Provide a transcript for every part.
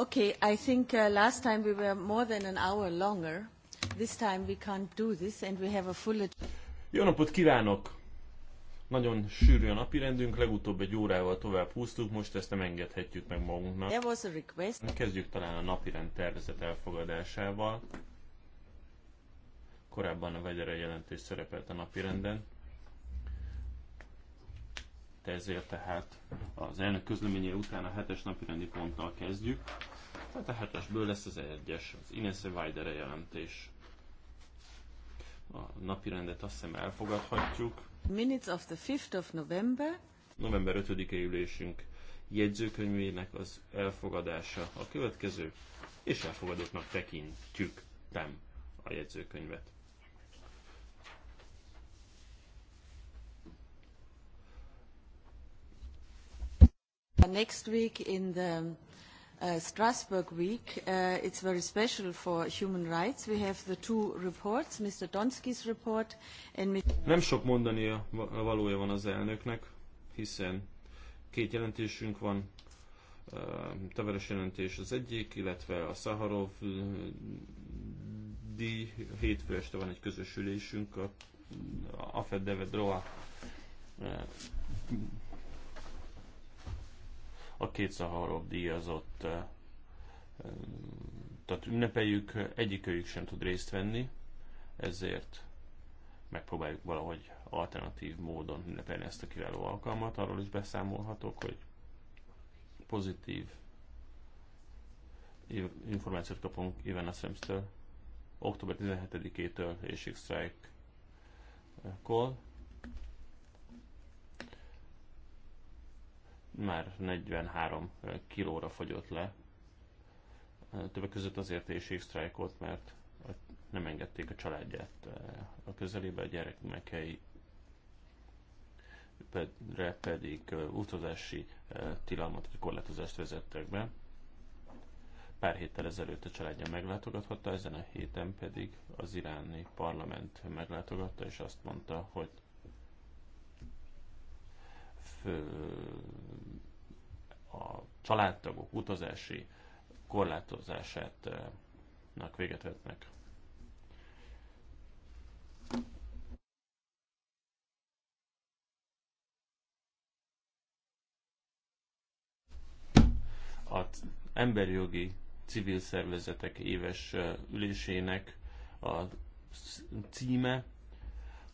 Okay, I think uh, last time we were more than an hour longer. This time we can't do this and we have a full... Jó napot kívánok! Nagyon sűrű a napi rendünk, legutóbb egy órával tovább húztuk, most ezt nem engedhetjük meg magunknak. There was a request. Kezdjük talán a napirend tervezet elfogadásával. Korábban a vegyere jelentés szerepelt a napirenden. Ezért tehát az elnök közleménye után a hetes napirendi ponttal kezdjük. Tehát a hetesből lesz az egyes, az Ines Weidere jelentés. A napi rendet azt hiszem elfogadhatjuk. Minutes of the 5th of November. November 5-e ülésünk jegyzőkönyvének az elfogadása a következő, és elfogadottnak tekintjük nem a jegyzőkönyvet. Next week in the Uh, Strasbourg week. Uh, it's very special for human rights. We have the two reports, Mr. Donsky's report and Mr. Nem sok mondania valója van az elnöknek, hiszen két jelentésünk van, uh, Taveres jelentés az egyik, illetve a Szaharov uh, díj. Hétfő este van egy közös ülésünk, a, a Afed Deve Droa uh, a két Szaharov díjazott eh, tehát ünnepeljük, egyikőjük sem tud részt venni, ezért megpróbáljuk valahogy alternatív módon ünnepelni ezt a kiváló alkalmat. Arról is beszámolhatok, hogy pozitív információt kapunk Ivan Assemstől, október 17-től és Strike-kor már 43 kilóra fogyott le. Többek között azért is évsztrájkolt, mert nem engedték a családját a közelébe, a gyermekei pedig utazási tilalmat vagy korlátozást vezettek be. Pár héttel ezelőtt a családja meglátogathatta, ezen a héten pedig az iráni parlament meglátogatta, és azt mondta, hogy a családtagok utazási korlátozását véget vetnek. az emberi jogi civil szervezetek éves ülésének a címe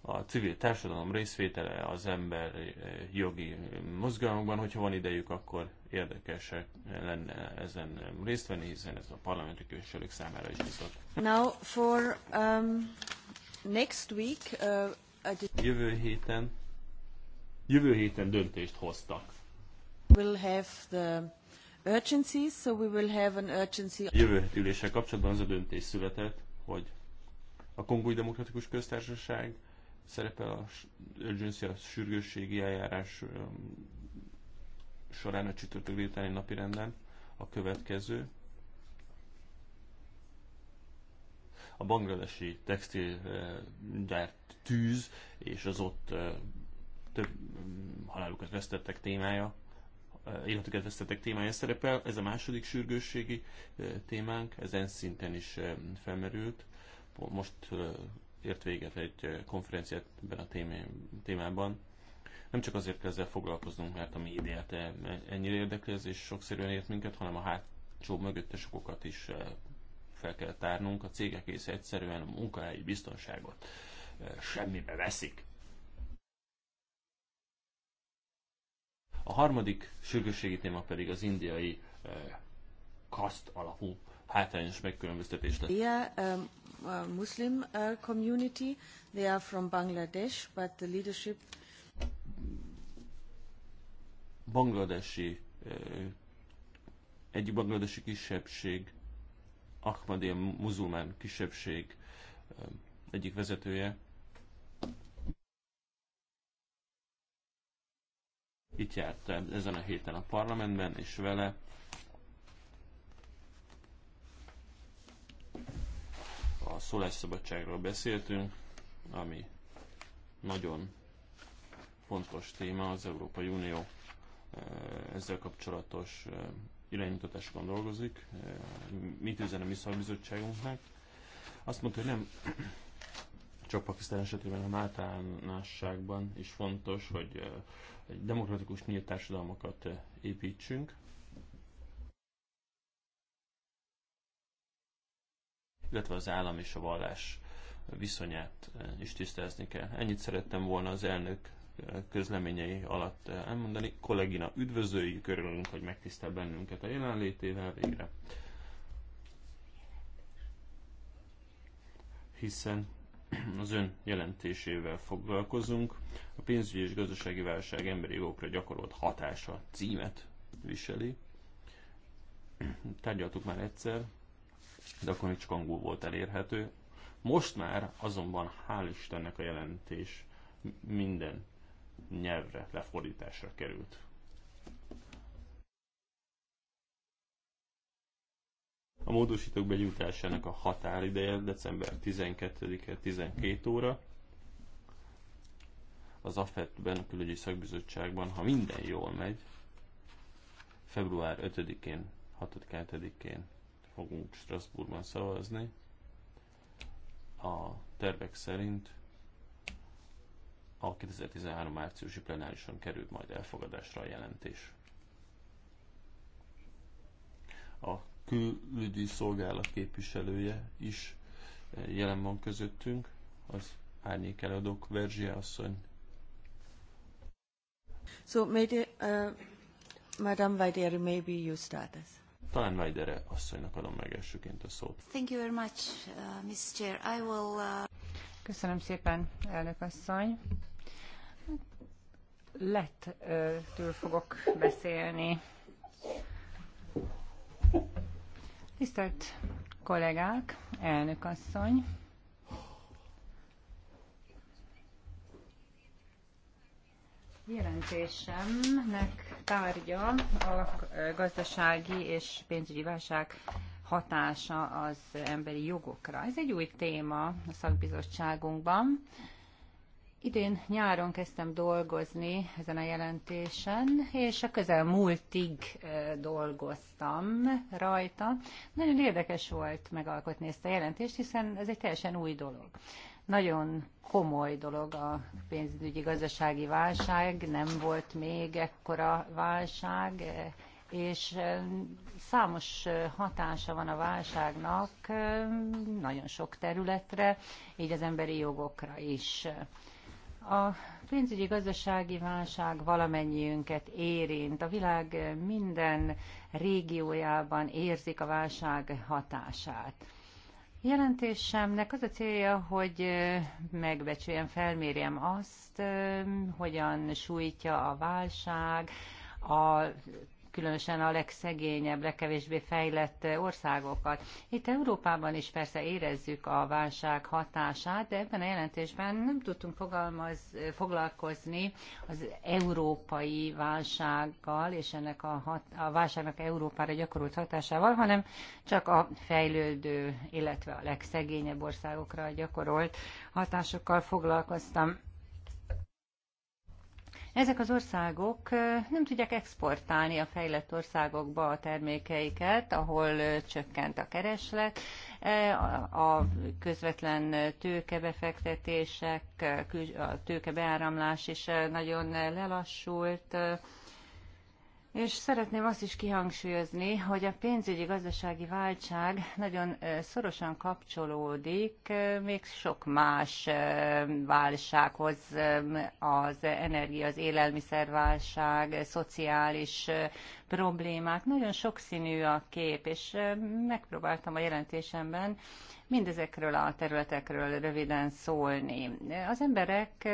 a civil társadalom részvétele az ember eh, jogi mozgalmakban, hogyha van idejük, akkor érdekes lenne ezen részt venni, hiszen ez a parlamenti képviselők számára is nyitott. Now for um, next week, uh, jövő héten jövő héten döntést hoztak. We'll have the so we will have an urgency. Jövő heti üléssel kapcsolatban az a döntés született, hogy a Kongói Demokratikus Köztársaság szerepel a urgency, a sürgősségi eljárás során a csütörtök délutáni napi renden a következő. A bangladesi textilgyárt tűz és az ott több halálukat vesztettek témája, életüket vesztettek témája szerepel. Ez a második sürgősségi témánk, ez szinten is felmerült. Most ért véget egy konferenciát ebben a témában. Nem csak azért kell ezzel foglalkoznunk, mert a médiát e, e, ennyire érdekli ez, és sokszerűen ért minket, hanem a hátsó mögöttes okokat is fel kell tárnunk. A cégek és egyszerűen a munkahelyi biztonságot semmibe veszik. A harmadik sürgősségi téma pedig az indiai kaszt alapú hátrányos megkülönböztetés lett. Yeah, um... Uh, Muslim uh, community. They are from Bangladesh, but the leadership. Bangladesi, uh, egy bangladesi kisebbség, Ahmadiyya muzulmán kisebbség uh, egyik vezetője. Itt járt ezen a héten a parlamentben, és vele a szólásszabadságról beszéltünk, ami nagyon fontos téma az Európai Unió e, ezzel kapcsolatos e, iránymutatásokon dolgozik. E, mit üzen a mi Azt mondta, hogy nem csak Pakisztán esetében, hanem általánosságban is fontos, hogy egy demokratikus nyílt társadalmakat építsünk. illetve az állam és a vallás viszonyát eh, is tisztázni kell. Ennyit szerettem volna az elnök eh, közleményei alatt eh, elmondani. Kollégina, üdvözöljük, örülünk, hogy megtisztel bennünket a jelenlétével végre. Hiszen az ön jelentésével foglalkozunk. A pénzügyi és gazdasági válság emberi jogokra gyakorolt hatása címet viseli. Tárgyaltuk már egyszer, de akkor még csak angol volt elérhető. Most már azonban hál' Istennek a jelentés minden nyelvre, lefordításra került. A módosítók begyújtásának a határideje december 12-e 12 óra. Az AFET-ben, a külügyi szakbizottságban, ha minden jól megy, február 5-én, 6-7-én fogunk Strasbourgban szavazni. A tervek szerint a 2013 márciusi plenárison került majd elfogadásra a jelentés. A külügyi szolgálat képviselője is eh, jelen van közöttünk, az árnyék előadók Verzsia asszony. So maybe, uh, Madame Vajderi, maybe you start us. Talán Vajdere asszonynak adom meg elsőként a szót. Thank you very much, uh, Ms. Chair. I will, uh... Köszönöm szépen, elnök asszony. Lettől fogok beszélni. Tisztelt kollégák, elnök asszony, Jelentésemnek tárgya a gazdasági és pénzügyi válság hatása az emberi jogokra. Ez egy új téma a szakbizottságunkban. Idén nyáron kezdtem dolgozni ezen a jelentésen, és a közelmúltig dolgoztam rajta. Nagyon érdekes volt megalkotni ezt a jelentést, hiszen ez egy teljesen új dolog. Nagyon komoly dolog a pénzügyi gazdasági válság, nem volt még ekkora válság, és eh, számos eh, hatása van a válságnak eh, nagyon sok területre, így az emberi jogokra is. A pénzügyi gazdasági válság valamennyiünket érint. A világ minden régiójában érzik a válság hatását. Jelentésemnek az a célja, hogy megbecsüljem, felmérjem azt, hogyan sújtja a válság, a különösen a legszegényebb, legkevésbé fejlett országokat. Itt Európában is persze érezzük a válság hatását, de ebben a jelentésben nem tudtunk fogalmaz, foglalkozni az európai válsággal és ennek a, hat, a válságnak Európára gyakorolt hatásával, hanem csak a fejlődő, illetve a legszegényebb országokra gyakorolt hatásokkal foglalkoztam. Ezek az országok nem tudják exportálni a fejlett országokba a termékeiket, ahol csökkent a kereslet, a közvetlen tőkebefektetések, a tőkebeáramlás is nagyon lelassult, és szeretném azt is kihangsúlyozni, hogy a pénzügyi gazdasági váltság nagyon szorosan kapcsolódik még sok más válsághoz, az energia, az élelmiszerválság, szociális problémák. Nagyon sokszínű a kép, és megpróbáltam a jelentésemben mindezekről a területekről röviden szólni. Az emberek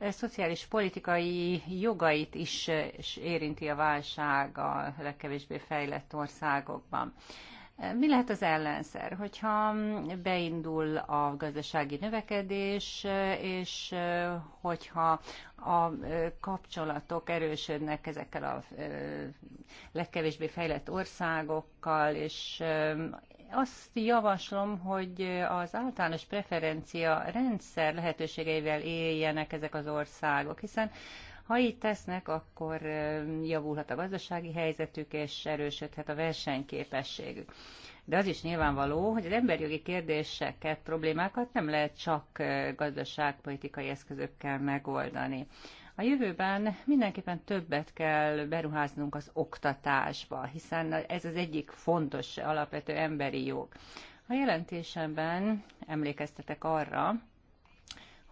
szociális politikai jogait is érinti a válság a legkevésbé fejlett országokban. Mi lehet az ellenszer, hogyha beindul a gazdasági növekedés, és hogyha a kapcsolatok erősödnek ezekkel a legkevésbé fejlett országokkal, és azt javaslom, hogy az általános preferencia rendszer lehetőségeivel éljenek ezek az országok, hiszen ha így tesznek, akkor javulhat a gazdasági helyzetük, és erősödhet a versenyképességük. De az is nyilvánvaló, hogy az emberjogi kérdéseket, problémákat nem lehet csak gazdaságpolitikai eszközökkel megoldani. A jövőben mindenképpen többet kell beruháznunk az oktatásba, hiszen ez az egyik fontos alapvető emberi jog. A jelentésemben emlékeztetek arra,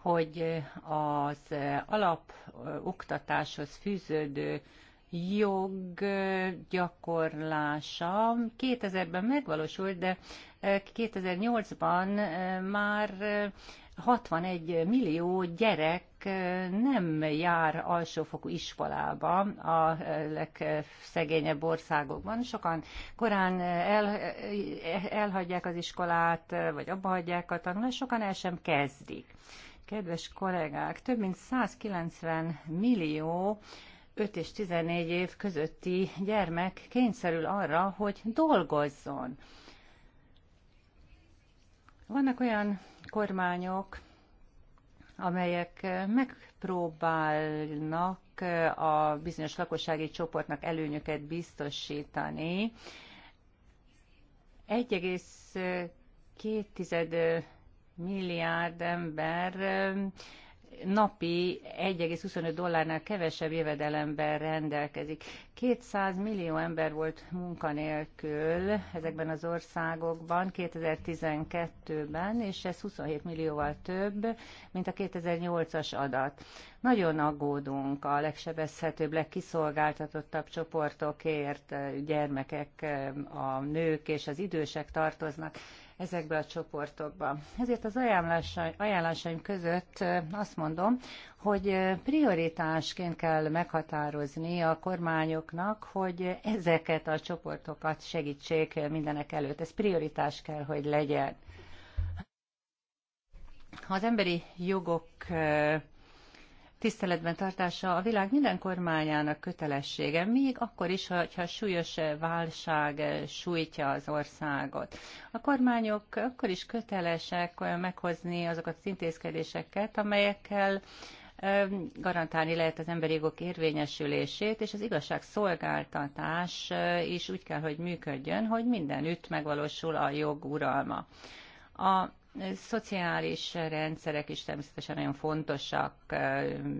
hogy az alapoktatáshoz fűződő jog gyakorlása 2000-ben megvalósult, de 2008-ban már 61 millió gyerek nem jár alsófokú iskolába a legszegényebb országokban. Sokan korán el, elhagyják az iskolát, vagy abbahagyják a tanulást, sokan el sem kezdik. Kedves kollégák, több mint 190 millió 5 és 14 év közötti gyermek kényszerül arra, hogy dolgozzon. Vannak olyan kormányok, amelyek megpróbálnak a bizonyos lakossági csoportnak előnyöket biztosítani. 1,2 milliárd ember napi 1,25 dollárnál kevesebb jövedelemben rendelkezik. 200 millió ember volt munkanélkül ezekben az országokban 2012-ben, és ez 27 millióval több, mint a 2008-as adat. Nagyon aggódunk a legsebezhetőbb, legkiszolgáltatottabb csoportokért, gyermekek, a nők és az idősek tartoznak ezekbe a csoportokba. Ezért az ajánlásaim között azt mondom, hogy prioritásként kell meghatározni a kormányoknak, hogy ezeket a csoportokat segítsék mindenek előtt. Ez prioritás kell, hogy legyen. Ha az emberi jogok tiszteletben tartása a világ minden kormányának kötelessége, még akkor is, ha súlyos válság sújtja az országot. A kormányok akkor is kötelesek meghozni azokat az intézkedéseket, amelyekkel garantálni lehet az emberi jogok érvényesülését, és az igazságszolgáltatás is úgy kell, hogy működjön, hogy mindenütt megvalósul a jog uralma. A szociális rendszerek is természetesen nagyon fontosak,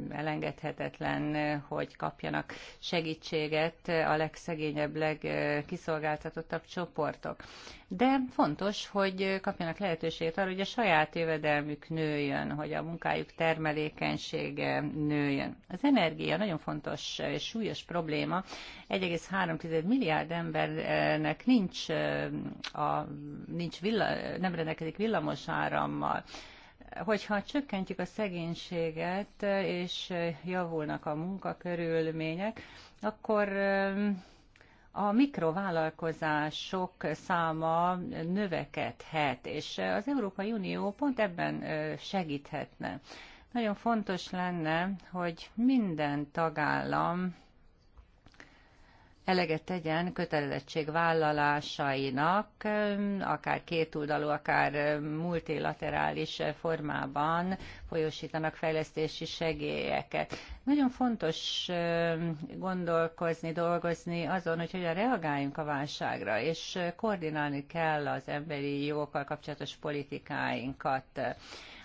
elengedhetetlen, hogy kapjanak segítséget a legszegényebb, legkiszolgáltatottabb csoportok. De fontos, hogy kapjanak lehetőséget arra, hogy a saját jövedelmük nőjön, hogy a munkájuk termelékenysége nőjön. Az energia nagyon fontos és súlyos probléma. 1,3 milliárd embernek nincs, a, nincs villa, nem rendelkezik villamos árammal. Hogyha csökkentjük a szegénységet, és javulnak a munkakörülmények, akkor a mikrovállalkozások száma növekedhet, és az Európai Unió pont ebben segíthetne. Nagyon fontos lenne, hogy minden tagállam eleget tegyen kötelezettség vállalásainak, akár kétoldalú, akár multilaterális eh, formában folyósítanak fejlesztési segélyeket. Nagyon fontos gondolkozni, dolgozni azon, hogy hogyan reagáljunk a válságra, és eh, koordinálni kell az emberi jogokkal kapcsolatos politikáinkat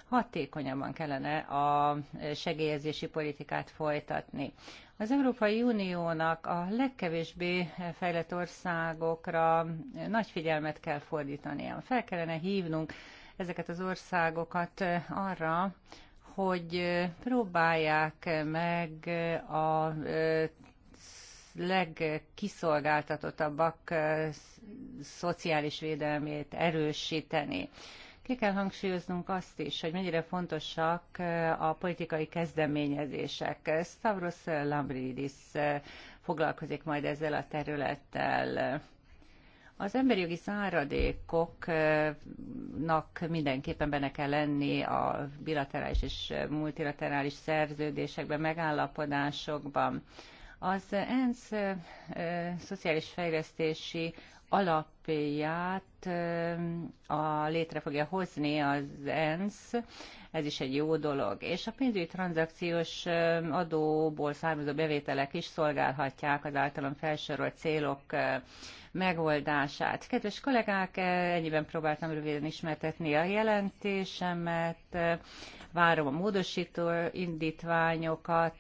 hatékonyabban kellene a eh, segélyezési politikát folytatni. Az Európai Uniónak a legkevésbé fejlett országokra nagy figyelmet kell fordítania. Fel kellene hívnunk ezeket az országokat arra, hogy próbálják meg a legkiszolgáltatottabbak szociális védelmét erősíteni. Ki kell hangsúlyoznunk azt is, hogy mennyire fontosak a politikai kezdeményezések. Stavros Lambridis foglalkozik majd ezzel a területtel. Az emberi jogi záradékoknak mindenképpen benne kell lenni a bilaterális és multilaterális szerződésekben, megállapodásokban. Az ENSZ szociális fejlesztési alapját a, létre fogja hozni az ENSZ, ez is egy jó dolog. És a pénzügyi tranzakciós adóból származó bevételek is szolgálhatják az általam felsorolt célok megoldását. Kedves kollégák, ennyiben próbáltam röviden ismertetni a jelentésemet várom a módosító indítványokat.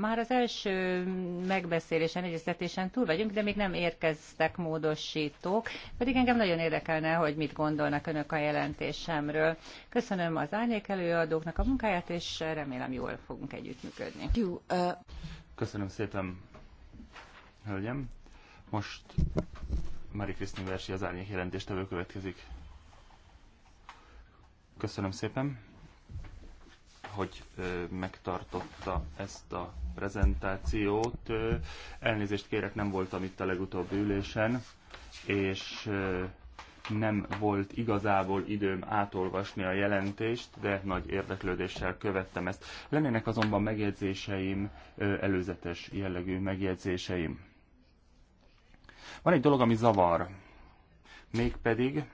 Már az első megbeszélésen, egyeztetésen túl vagyunk, de még nem érkeztek módosítók, pedig engem nagyon érdekelne, hogy mit gondolnak önök a jelentésemről. Köszönöm az árnyék előadóknak a munkáját, és remélem jól fogunk együttműködni. Köszönöm szépen, hölgyem. Most Mari Krisztin versi az árnyék jelentéstevő következik. Köszönöm szépen hogy megtartotta ezt a prezentációt. Elnézést kérek, nem voltam itt a legutóbbi ülésen, és nem volt igazából időm átolvasni a jelentést, de nagy érdeklődéssel követtem ezt. Lennének azonban megjegyzéseim, előzetes jellegű megjegyzéseim. Van egy dolog, ami zavar, mégpedig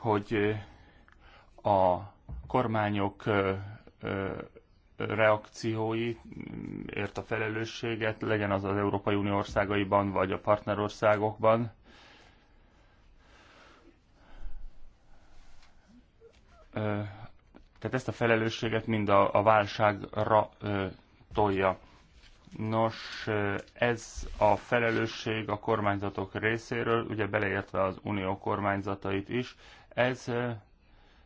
hogy a kormányok reakciói ért a felelősséget, legyen az az Európai Unió országaiban, vagy a partnerországokban. Tehát ezt a felelősséget mind a, a válságra ö, tolja. Nos, ez a felelősség a kormányzatok részéről, ugye beleértve az unió kormányzatait is, ez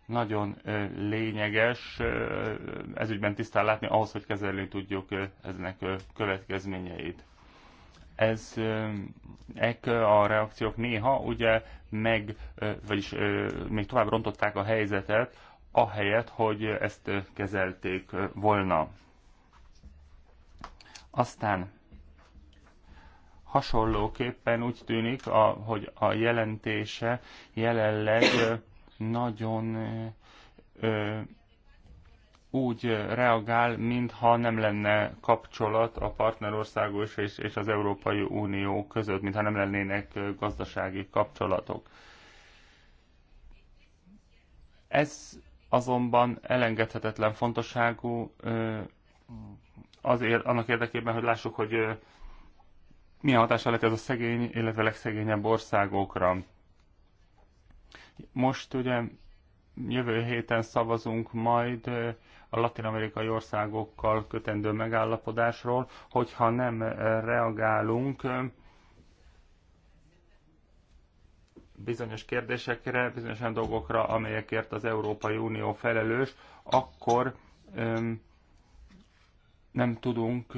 nagyon lényeges, ezügyben tisztán látni ahhoz, hogy kezelni tudjuk eznek következményeit. Ez ek a reakciók néha ugye meg, vagyis még tovább rontották a helyzetet, ahelyett, hogy ezt kezelték volna. Aztán Hasonlóképpen úgy tűnik, a, hogy a jelentése jelenleg nagyon ö, úgy reagál, mintha nem lenne kapcsolat a partnerországos és, és az Európai Unió között, mintha nem lennének gazdasági kapcsolatok. Ez azonban elengedhetetlen fontosságú azért annak érdekében, hogy lássuk, hogy milyen hatása lett ez a szegény, illetve legszegényebb országokra. Most ugye jövő héten szavazunk majd a latin-amerikai országokkal kötendő megállapodásról, hogyha nem reagálunk bizonyos kérdésekre, bizonyos olyan dolgokra, amelyekért az Európai Unió felelős, akkor öm, nem tudunk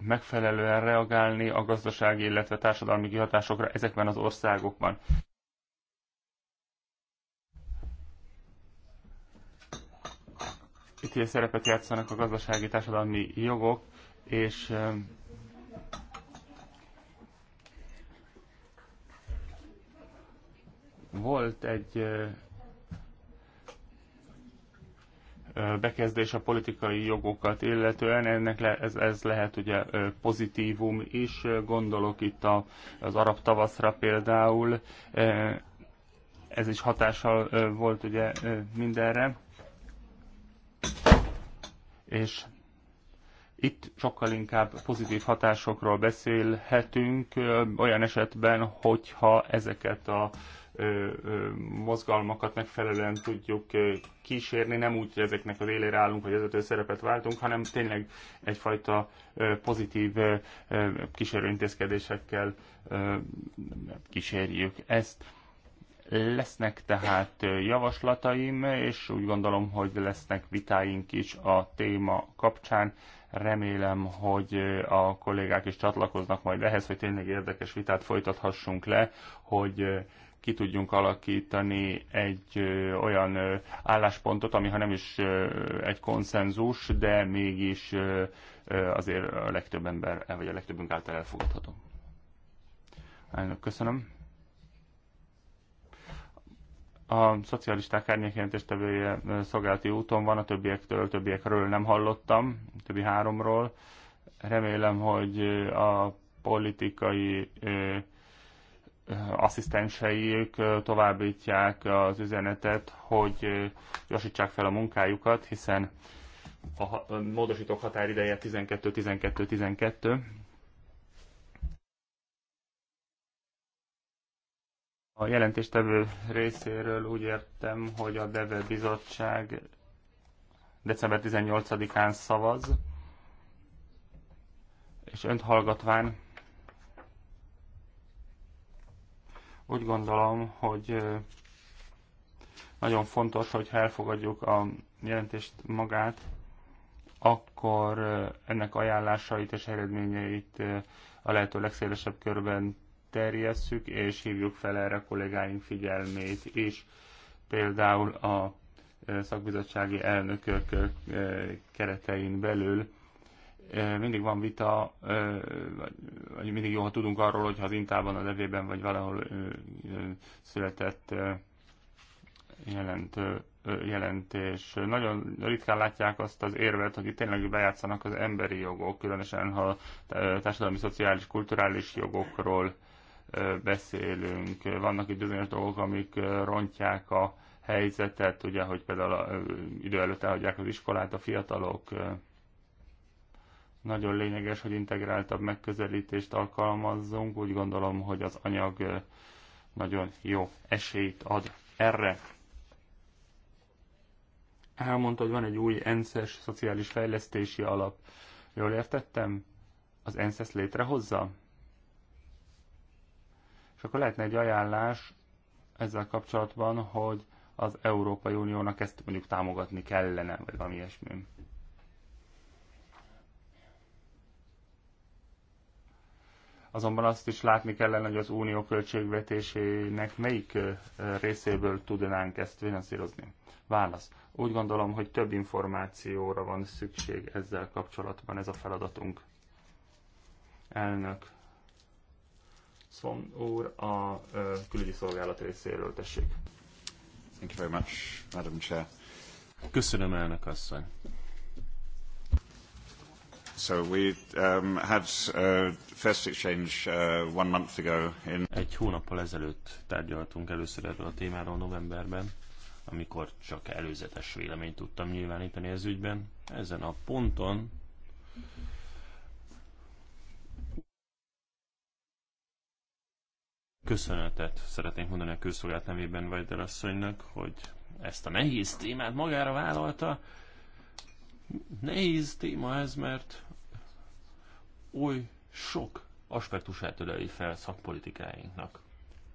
megfelelően reagálni a gazdasági, illetve társadalmi kihatásokra ezekben az országokban. Itt ilyen szerepet játszanak a gazdasági, társadalmi jogok, és volt egy bekezdés a politikai jogokat illetően, ennek le, ez, ez lehet ugye pozitívum is, gondolok itt a, az arab tavaszra például, ez is hatással volt ugye mindenre, és itt sokkal inkább pozitív hatásokról beszélhetünk olyan esetben, hogyha ezeket a mozgalmakat megfelelően tudjuk kísérni, nem úgy, hogy ezeknek az élére állunk, vagy ezető szerepet váltunk, hanem tényleg egyfajta pozitív kísérőintézkedésekkel kísérjük ezt. Lesznek tehát javaslataim, és úgy gondolom, hogy lesznek vitáink is a téma kapcsán. Remélem, hogy a kollégák is csatlakoznak majd ehhez, hogy tényleg érdekes vitát folytathassunk le, hogy ki tudjunk alakítani egy olyan álláspontot, ami ha nem is egy konszenzus, de mégis azért a legtöbb ember, vagy a legtöbbünk által elfogadható. Elnök, köszönöm. A szocialisták árnyékjelentéstevője szolgálati úton van, a többiektől, a többiekről nem hallottam, a többi háromról. Remélem, hogy a politikai asszisztenseik továbbítják az üzenetet, hogy gyorsítsák fel a munkájukat, hiszen a módosítók határideje 12-12-12. A jelentéstevő részéről úgy értem, hogy a DEVE bizottság december 18-án szavaz, és önt hallgatván Úgy gondolom, hogy nagyon fontos, hogy elfogadjuk a jelentést magát, akkor ennek ajánlásait és eredményeit a lehető legszélesebb körben terjesszük, és hívjuk fel erre kollégáink figyelmét is. Például a szakbizottsági elnökök keretein belül mindig van vita, vagy mindig jó, ha tudunk arról, hogyha az Intában, a levében, vagy valahol született jelent, jelentés. Nagyon ritkán látják azt az érvet, hogy itt tényleg bejátszanak az emberi jogok, különösen ha társadalmi, szociális, kulturális jogokról beszélünk. Vannak itt bizonyos dolgok, amik rontják a helyzetet, ugye, hogy például idő előtt elhagyják az iskolát a fiatalok, nagyon lényeges, hogy integráltabb megközelítést alkalmazzunk. Úgy gondolom, hogy az anyag nagyon jó esélyt ad erre. Elmondta, hogy van egy új ENSZ-es e szociális fejlesztési alap. Jól értettem? Az ENSZ ezt létrehozza? És akkor lehetne egy ajánlás ezzel kapcsolatban, hogy az Európai Uniónak ezt mondjuk támogatni kellene, vagy valami ilyesmi. Azonban azt is látni kellene, hogy az unió költségvetésének melyik részéből tudnánk ezt finanszírozni. Válasz. Úgy gondolom, hogy több információra van szükség ezzel kapcsolatban, ez a feladatunk. Elnök. Szon úr a külügyi szolgálat részéről, tessék. Thank you very much, Madam Chair. Köszönöm, elnök asszony. So we um, had uh, first exchange uh, one month ago in... Egy hónappal ezelőtt tárgyaltunk először erről a témáról novemberben, amikor csak előzetes véleményt tudtam nyilvánítani ez ügyben. Ezen a ponton köszönetet szeretnénk mondani a külszolgált nevében Vajder asszonynak, hogy ezt a nehéz témát magára vállalta, Nehéz téma ez, mert oly sok aspektusát öleli fel szakpolitikáinknak.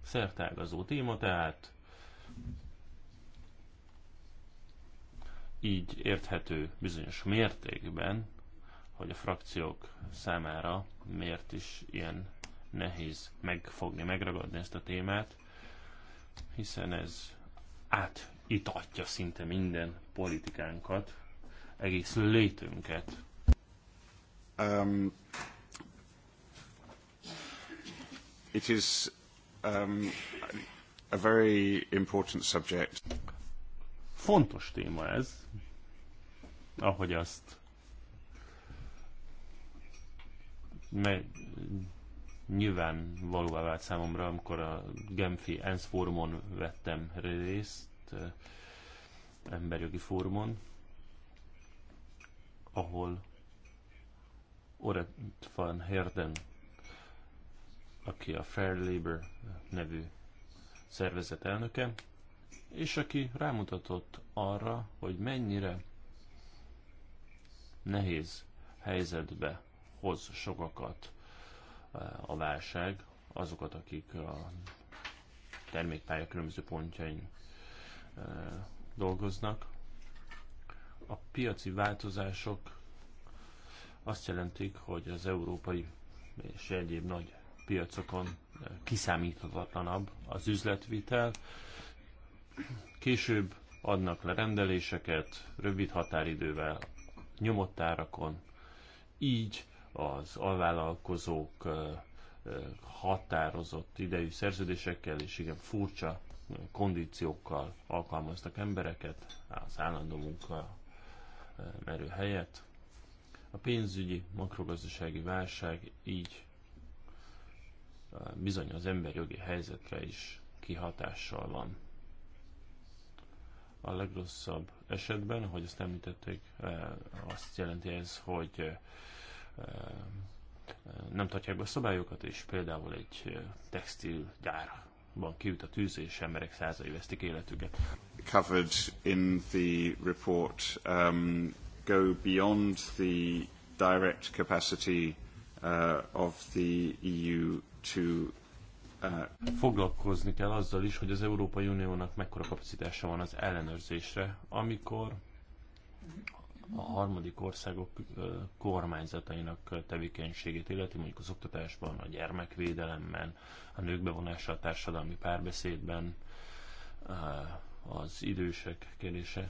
Szertágazó téma, tehát így érthető bizonyos mértékben, hogy a frakciók számára miért is ilyen nehéz megfogni, megragadni ezt a témát, hiszen ez átitatja szinte minden politikánkat, egész létünket. Um, it is um, a very important subject. Fontos téma ez, ahogy azt meg nyilván valóvá vált számomra, amikor a Genfi ENSZ fórumon vettem részt, emberjogi fórumon, ahol Orett van Herden, aki a Fair Labor nevű szervezet elnöke, és aki rámutatott arra, hogy mennyire nehéz helyzetbe hoz sokakat eh, a válság, azokat, akik a termékpálya különböző pontjain eh, dolgoznak, a piaci változások azt jelentik, hogy az európai és egyéb nagy piacokon kiszámíthatatlanabb az üzletvitel. Később adnak le rendeléseket rövid határidővel, nyomott árakon, így az alvállalkozók határozott idejű szerződésekkel és igen furcsa kondíciókkal alkalmaztak embereket az állandó munka merő helyet. A pénzügyi, makrogazdasági válság így bizony az emberjogi helyzetre is kihatással van. A legrosszabb esetben, ahogy azt említették, azt jelenti ez, hogy nem tartják be a szabályokat, és például egy textilgyárban kiüt a tűz, és emberek százai vesztik életüket covered in the report um, go beyond the direct capacity uh, of the EU to uh... Foglalkozni kell azzal is, hogy az Európai Uniónak mekkora kapacitása van az ellenőrzésre, amikor a harmadik országok uh, kormányzatainak tevékenységét illeti, mondjuk az oktatásban, a gyermekvédelemben, a nők bevonása a társadalmi párbeszédben, uh, az idősek kérdése.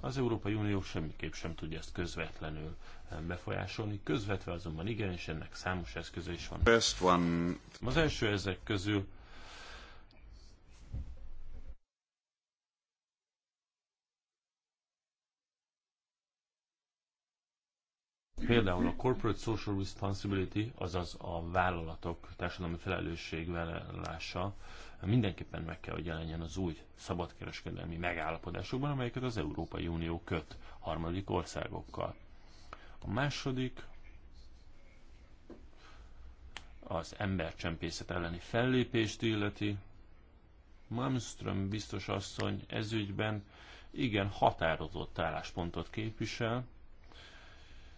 Az Európai Unió semmiképp sem tudja ezt közvetlenül eh, befolyásolni, közvetve azonban igen, és ennek számos eszköze is van. Az első ezek közül Például a Corporate Social Responsibility, azaz a vállalatok társadalmi felelősségvállalása, mindenképpen meg kell, hogy jelenjen az új szabadkereskedelmi megállapodásokban, amelyeket az Európai Unió köt harmadik országokkal. A második az embercsempészet elleni fellépést illeti. Malmström biztos asszony ezügyben igen határozott álláspontot képvisel,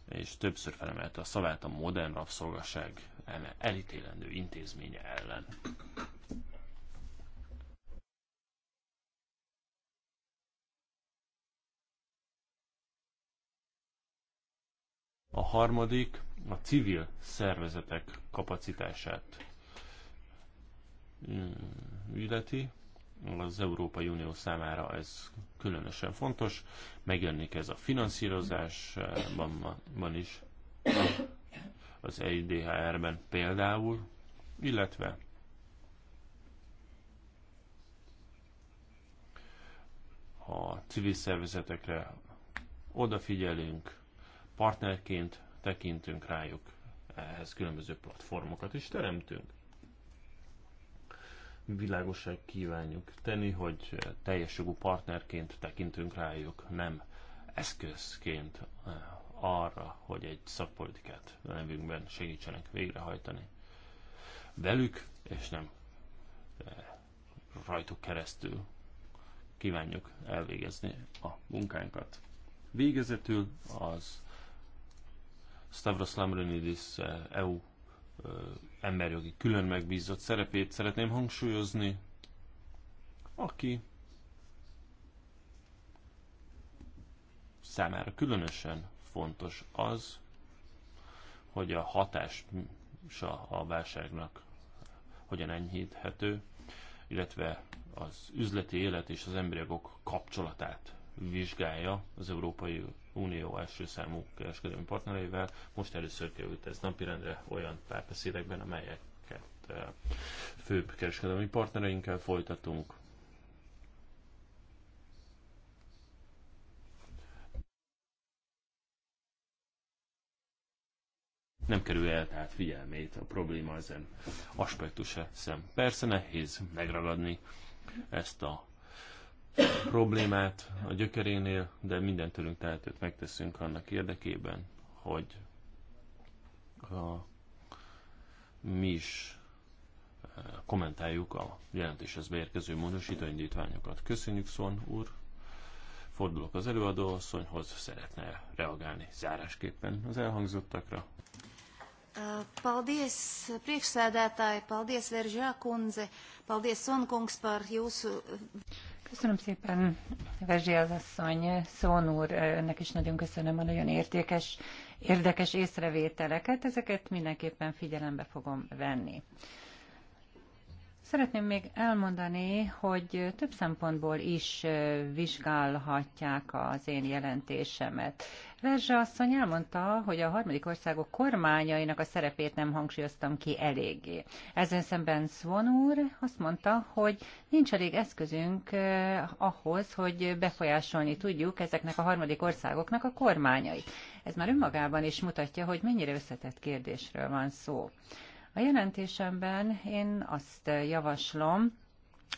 és többször felemelte a szavát a modern rabszolgaság elítélendő intézménye ellen. A harmadik a civil szervezetek kapacitását mm, illeti. Az Európai Unió számára ez különösen fontos. Megjelenik ez a finanszírozásban is, az EIDHR-ben például, illetve a civil szervezetekre odafigyelünk, partnerként tekintünk rájuk, ehhez különböző platformokat is teremtünk. Világosság kívánjuk tenni, hogy teljes jogú partnerként tekintünk rájuk, nem eszközként eh, arra, hogy egy szakpolitikát a nevünkben segítsenek végrehajtani. Velük, és nem eh, rajtuk keresztül kívánjuk elvégezni a munkánkat. Végezetül az Stavros Lambrinidis EU eh, e eh, emberjogi külön megbízott szerepét szeretném hangsúlyozni, aki számára különösen fontos az, hogy a hatása a válságnak hogyan enyhíthető, illetve az üzleti élet és az emberi jogok kapcsolatát vizsgálja az Európai Unió első számú kereskedelmi partnereivel. Most először került ez napirendre olyan párbeszédekben, amelyeket eh, főbb kereskedelmi partnereinkkel folytatunk. nem kerül el tehát figyelmét a probléma ezen aspektusa szem. Persze nehéz megragadni ezt a problémát a gyökerénél, de minden tőlünk tehetőt megteszünk annak érdekében, hogy a, mi is eh, kommentáljuk a jelentéshez beérkező módosító indítványokat. Köszönjük, Szon úr! Fordulok az előadó asszonyhoz, szeretne reagálni zárásképpen az elhangzottakra. Eh, paldies, priekšsēdētāji, paldies, Veržā kundze, paldies, Sonkungs, par jūsu... Köszönöm szépen, Vezsi az asszony, Szón úr, önnek is nagyon köszönöm a nagyon értékes, érdekes észrevételeket, ezeket mindenképpen figyelembe fogom venni. Szeretném még elmondani, hogy több szempontból is vizsgálhatják az én jelentésemet. Verzsa asszony elmondta, hogy a harmadik országok kormányainak a szerepét nem hangsúlyoztam ki eléggé. Ezen szemben Swan úr azt mondta, hogy nincs elég eszközünk ahhoz, hogy befolyásolni tudjuk ezeknek a harmadik országoknak a kormányait. Ez már önmagában is mutatja, hogy mennyire összetett kérdésről van szó. A jelentésemben én azt javaslom,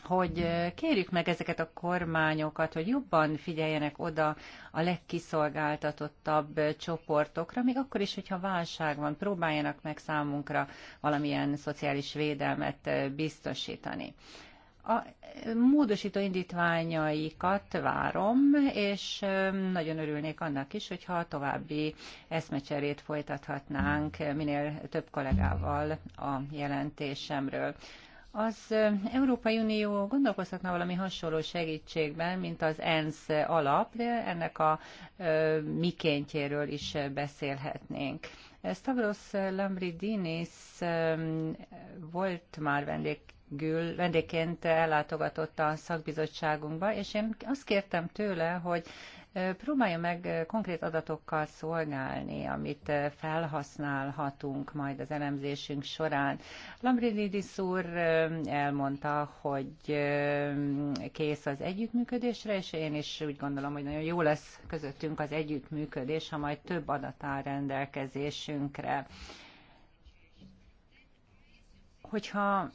hogy kérjük meg ezeket a kormányokat, hogy jobban figyeljenek oda a legkiszolgáltatottabb csoportokra, még akkor is, hogyha válság van, próbáljanak meg számunkra valamilyen szociális védelmet biztosítani. A eh, módosító indítványaikat várom, és eh, nagyon örülnék annak is, hogyha további eszmecserét folytathatnánk eh, minél több kollégával a jelentésemről. Az Európai Unió gondolkozhatna valami hasonló segítségben, mint az ENSZ alap, de ennek a mikéntjéről is beszélhetnénk. Stavros Lambridinis volt már vendég Gül vendégként ellátogatott a szakbizottságunkba, és én azt kértem tőle, hogy próbálja meg konkrét adatokkal szolgálni, amit felhasználhatunk majd az elemzésünk során. Lambrinidis úr elmondta, hogy kész az együttműködésre, és én is úgy gondolom, hogy nagyon jó lesz közöttünk az együttműködés, ha majd több adat áll rendelkezésünkre. Hogyha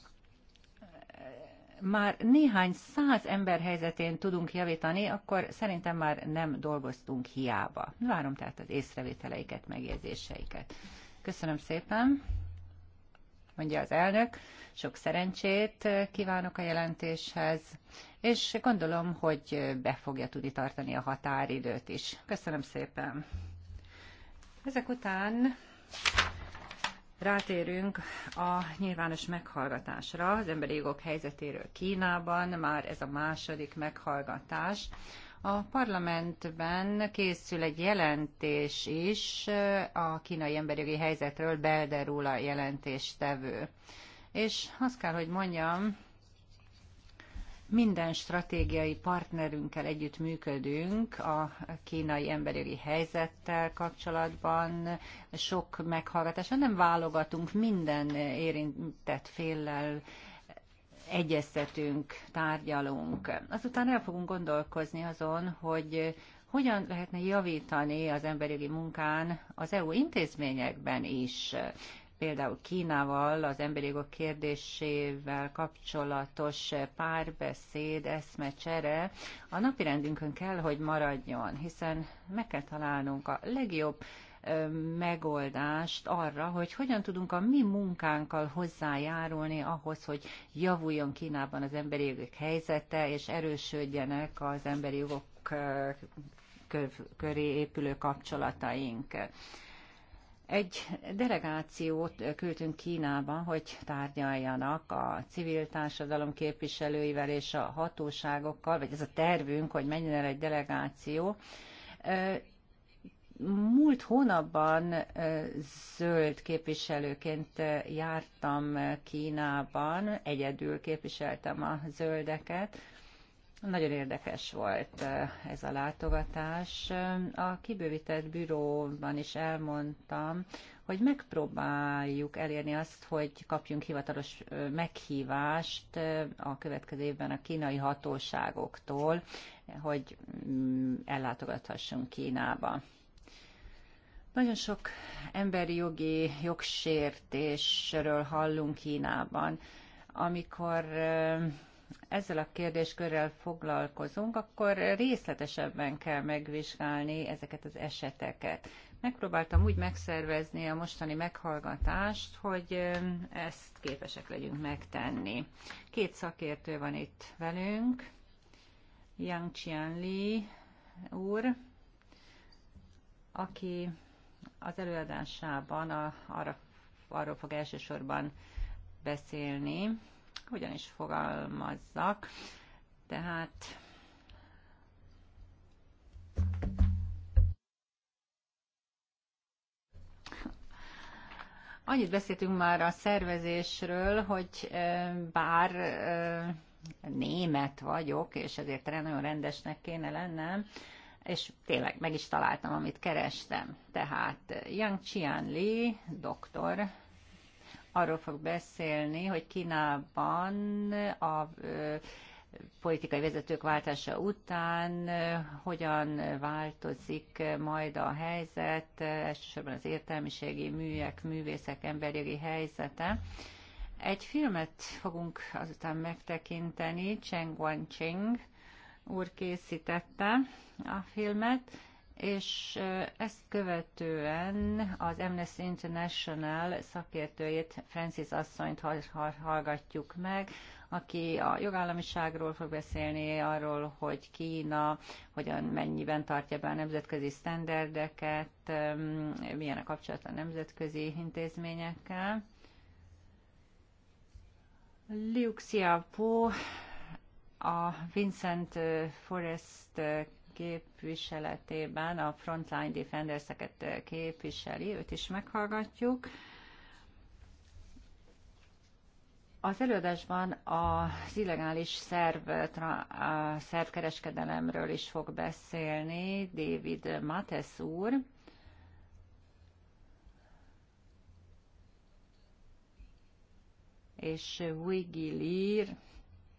már néhány száz ember helyzetén tudunk javítani, akkor szerintem már nem dolgoztunk hiába. Várom tehát az észrevételeiket, megjegyzéseiket. Köszönöm szépen, mondja az elnök. Sok szerencsét kívánok a jelentéshez, és gondolom, hogy be fogja tudni tartani a határidőt is. Köszönöm szépen. Ezek után Rátérünk a nyilvános meghallgatásra az emberi jogok helyzetéről Kínában, már ez a második meghallgatás. A parlamentben készül egy jelentés is a kínai emberi jogi helyzetről, Belderula jelentéstevő. És azt kell, hogy mondjam, minden stratégiai partnerünkkel együtt működünk a kínai emberi helyzettel kapcsolatban. Sok meghallgatáson nem válogatunk, minden érintett féllel egyeztetünk, tárgyalunk. Azután el fogunk gondolkozni azon, hogy hogyan lehetne javítani az emberi munkán az EU intézményekben is például Kínával, az emberi jogok kérdésével kapcsolatos párbeszéd, eszmecsere a napirendünkön kell, hogy maradjon, hiszen meg kell találnunk a legjobb megoldást arra, hogy hogyan tudunk a mi munkánkkal hozzájárulni ahhoz, hogy javuljon Kínában az emberi jogok helyzete, és erősödjenek az emberi jogok köré épülő kapcsolataink. Egy delegációt küldtünk Kínába, hogy tárgyaljanak a civil társadalom képviselőivel és a hatóságokkal, vagy ez a tervünk, hogy menjen el egy delegáció. Múlt hónapban zöld képviselőként jártam Kínában, egyedül képviseltem a zöldeket, nagyon érdekes volt ez a látogatás. A kibővített büróban is elmondtam, hogy megpróbáljuk elérni azt, hogy kapjunk hivatalos meghívást a következő évben a kínai hatóságoktól, hogy mm, ellátogathassunk Kínába. Nagyon sok emberi jogi jogsértésről hallunk Kínában, amikor ezzel a kérdéskörrel foglalkozunk, akkor részletesebben kell megvizsgálni ezeket az eseteket. Megpróbáltam úgy megszervezni a mostani meghallgatást, hogy ezt képesek legyünk megtenni. Két szakértő van itt velünk, Yang Li úr, aki az előadásában a, arra, arról fog elsősorban beszélni, hogyan is fogalmazzak. Tehát Annyit beszéltünk már a szervezésről, hogy bár német vagyok, és ezért nagyon rendesnek kéne lennem, és tényleg meg is találtam, amit kerestem. Tehát Yang Qianli, doktor, arról fog beszélni, hogy Kínában a politikai vezetők váltása után hogyan változik majd a helyzet, elsősorban az értelmiségi műek, művészek emberjogi helyzete. Egy filmet fogunk azután megtekinteni, Cheng Wanqing úr készítette a filmet, és ezt követően az Amnesty International szakértőjét, Francis asszonyt hallgatjuk meg, aki a jogállamiságról fog beszélni, arról, hogy Kína hogyan mennyiben tartja be a nemzetközi sztenderdeket, milyen a kapcsolat a nemzetközi intézményekkel. Liu Xiaopo, a Vincent Forest képviseletében a Frontline Defenders-eket eh, képviseli, őt is meghallgatjuk. Az előadásban az illegális szerv, tra, szervkereskedelemről is fog beszélni David Mates úr. És Wiggy Lear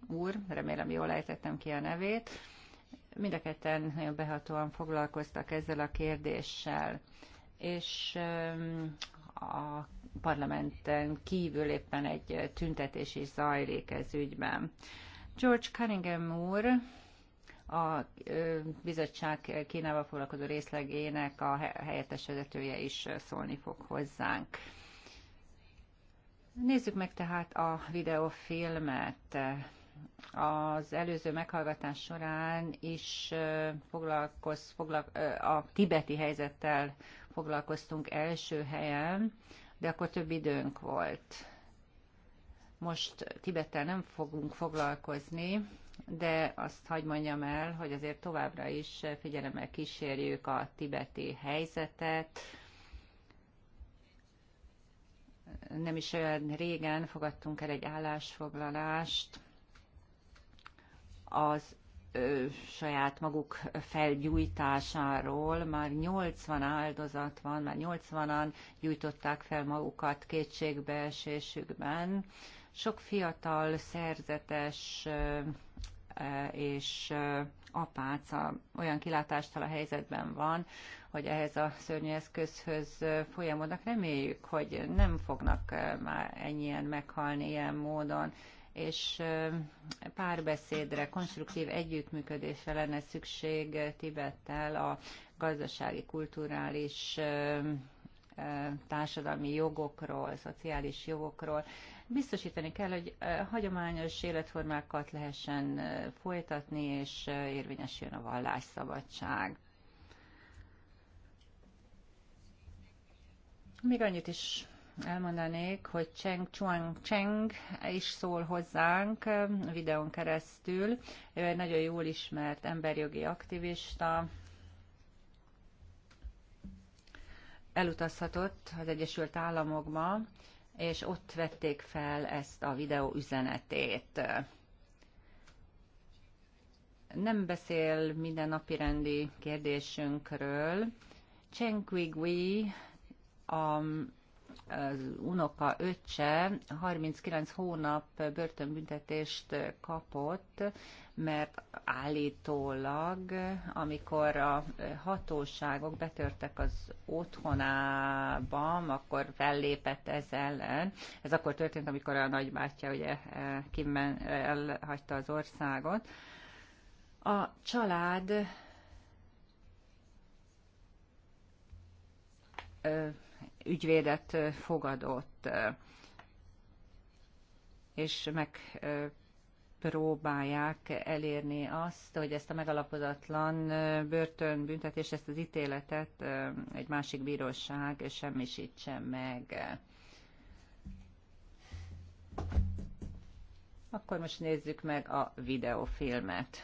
úr, remélem jól ejtettem ki a nevét, Mind a ketten nagyon behatóan foglalkoztak ezzel a kérdéssel, és a parlamenten kívül éppen egy tüntetés is zajlik ez ügyben. George Cunningham úr a bizottság Kínával foglalkozó részlegének a helyettes vezetője is szólni fog hozzánk. Nézzük meg tehát a videófilmet az előző meghallgatás során is foglalkoz, foglalko, a tibeti helyzettel foglalkoztunk első helyen, de akkor több időnk volt. Most Tibettel nem fogunk foglalkozni, de azt hagy mondjam el, hogy azért továbbra is figyelemmel kísérjük a tibeti helyzetet, nem is olyan régen fogadtunk el egy állásfoglalást az ö, saját maguk felgyújtásáról. Már 80 áldozat van, már 80-an gyújtották fel magukat kétségbeesésükben. Sok fiatal, szerzetes ö, és apáca olyan kilátástal a helyzetben van, hogy ehhez a szörnyű eszközhöz folyamodnak. Reméljük, hogy nem fognak már ennyien meghalni ilyen módon, és párbeszédre, konstruktív együttműködésre lenne szükség Tibettel a gazdasági, kulturális társadalmi jogokról, szociális jogokról. Biztosítani kell, hogy hagyományos életformákat lehessen folytatni, és érvényesüljön a vallásszabadság. Még annyit is elmondanék, hogy Cheng Chuang Cheng is szól hozzánk videón keresztül. Ő egy nagyon jól ismert emberjogi aktivista, elutazhatott az Egyesült Államokba, és ott vették fel ezt a videó üzenetét. Nem beszél minden napi rendi kérdésünkről. Cheng Kui a az unoka öccse 39 hónap börtönbüntetést kapott, mert állítólag, amikor a hatóságok betörtek az otthonában, akkor fellépett ez ellen. Ez akkor történt, amikor a nagybátyja ugye eh, kimen, elhagyta az országot. A család ö, ügyvédet fogadott, és megpróbálják elérni azt, hogy ezt a megalapozatlan börtönbüntetést, ezt az ítéletet egy másik bíróság semmisítse meg. Akkor most nézzük meg a videófilmet.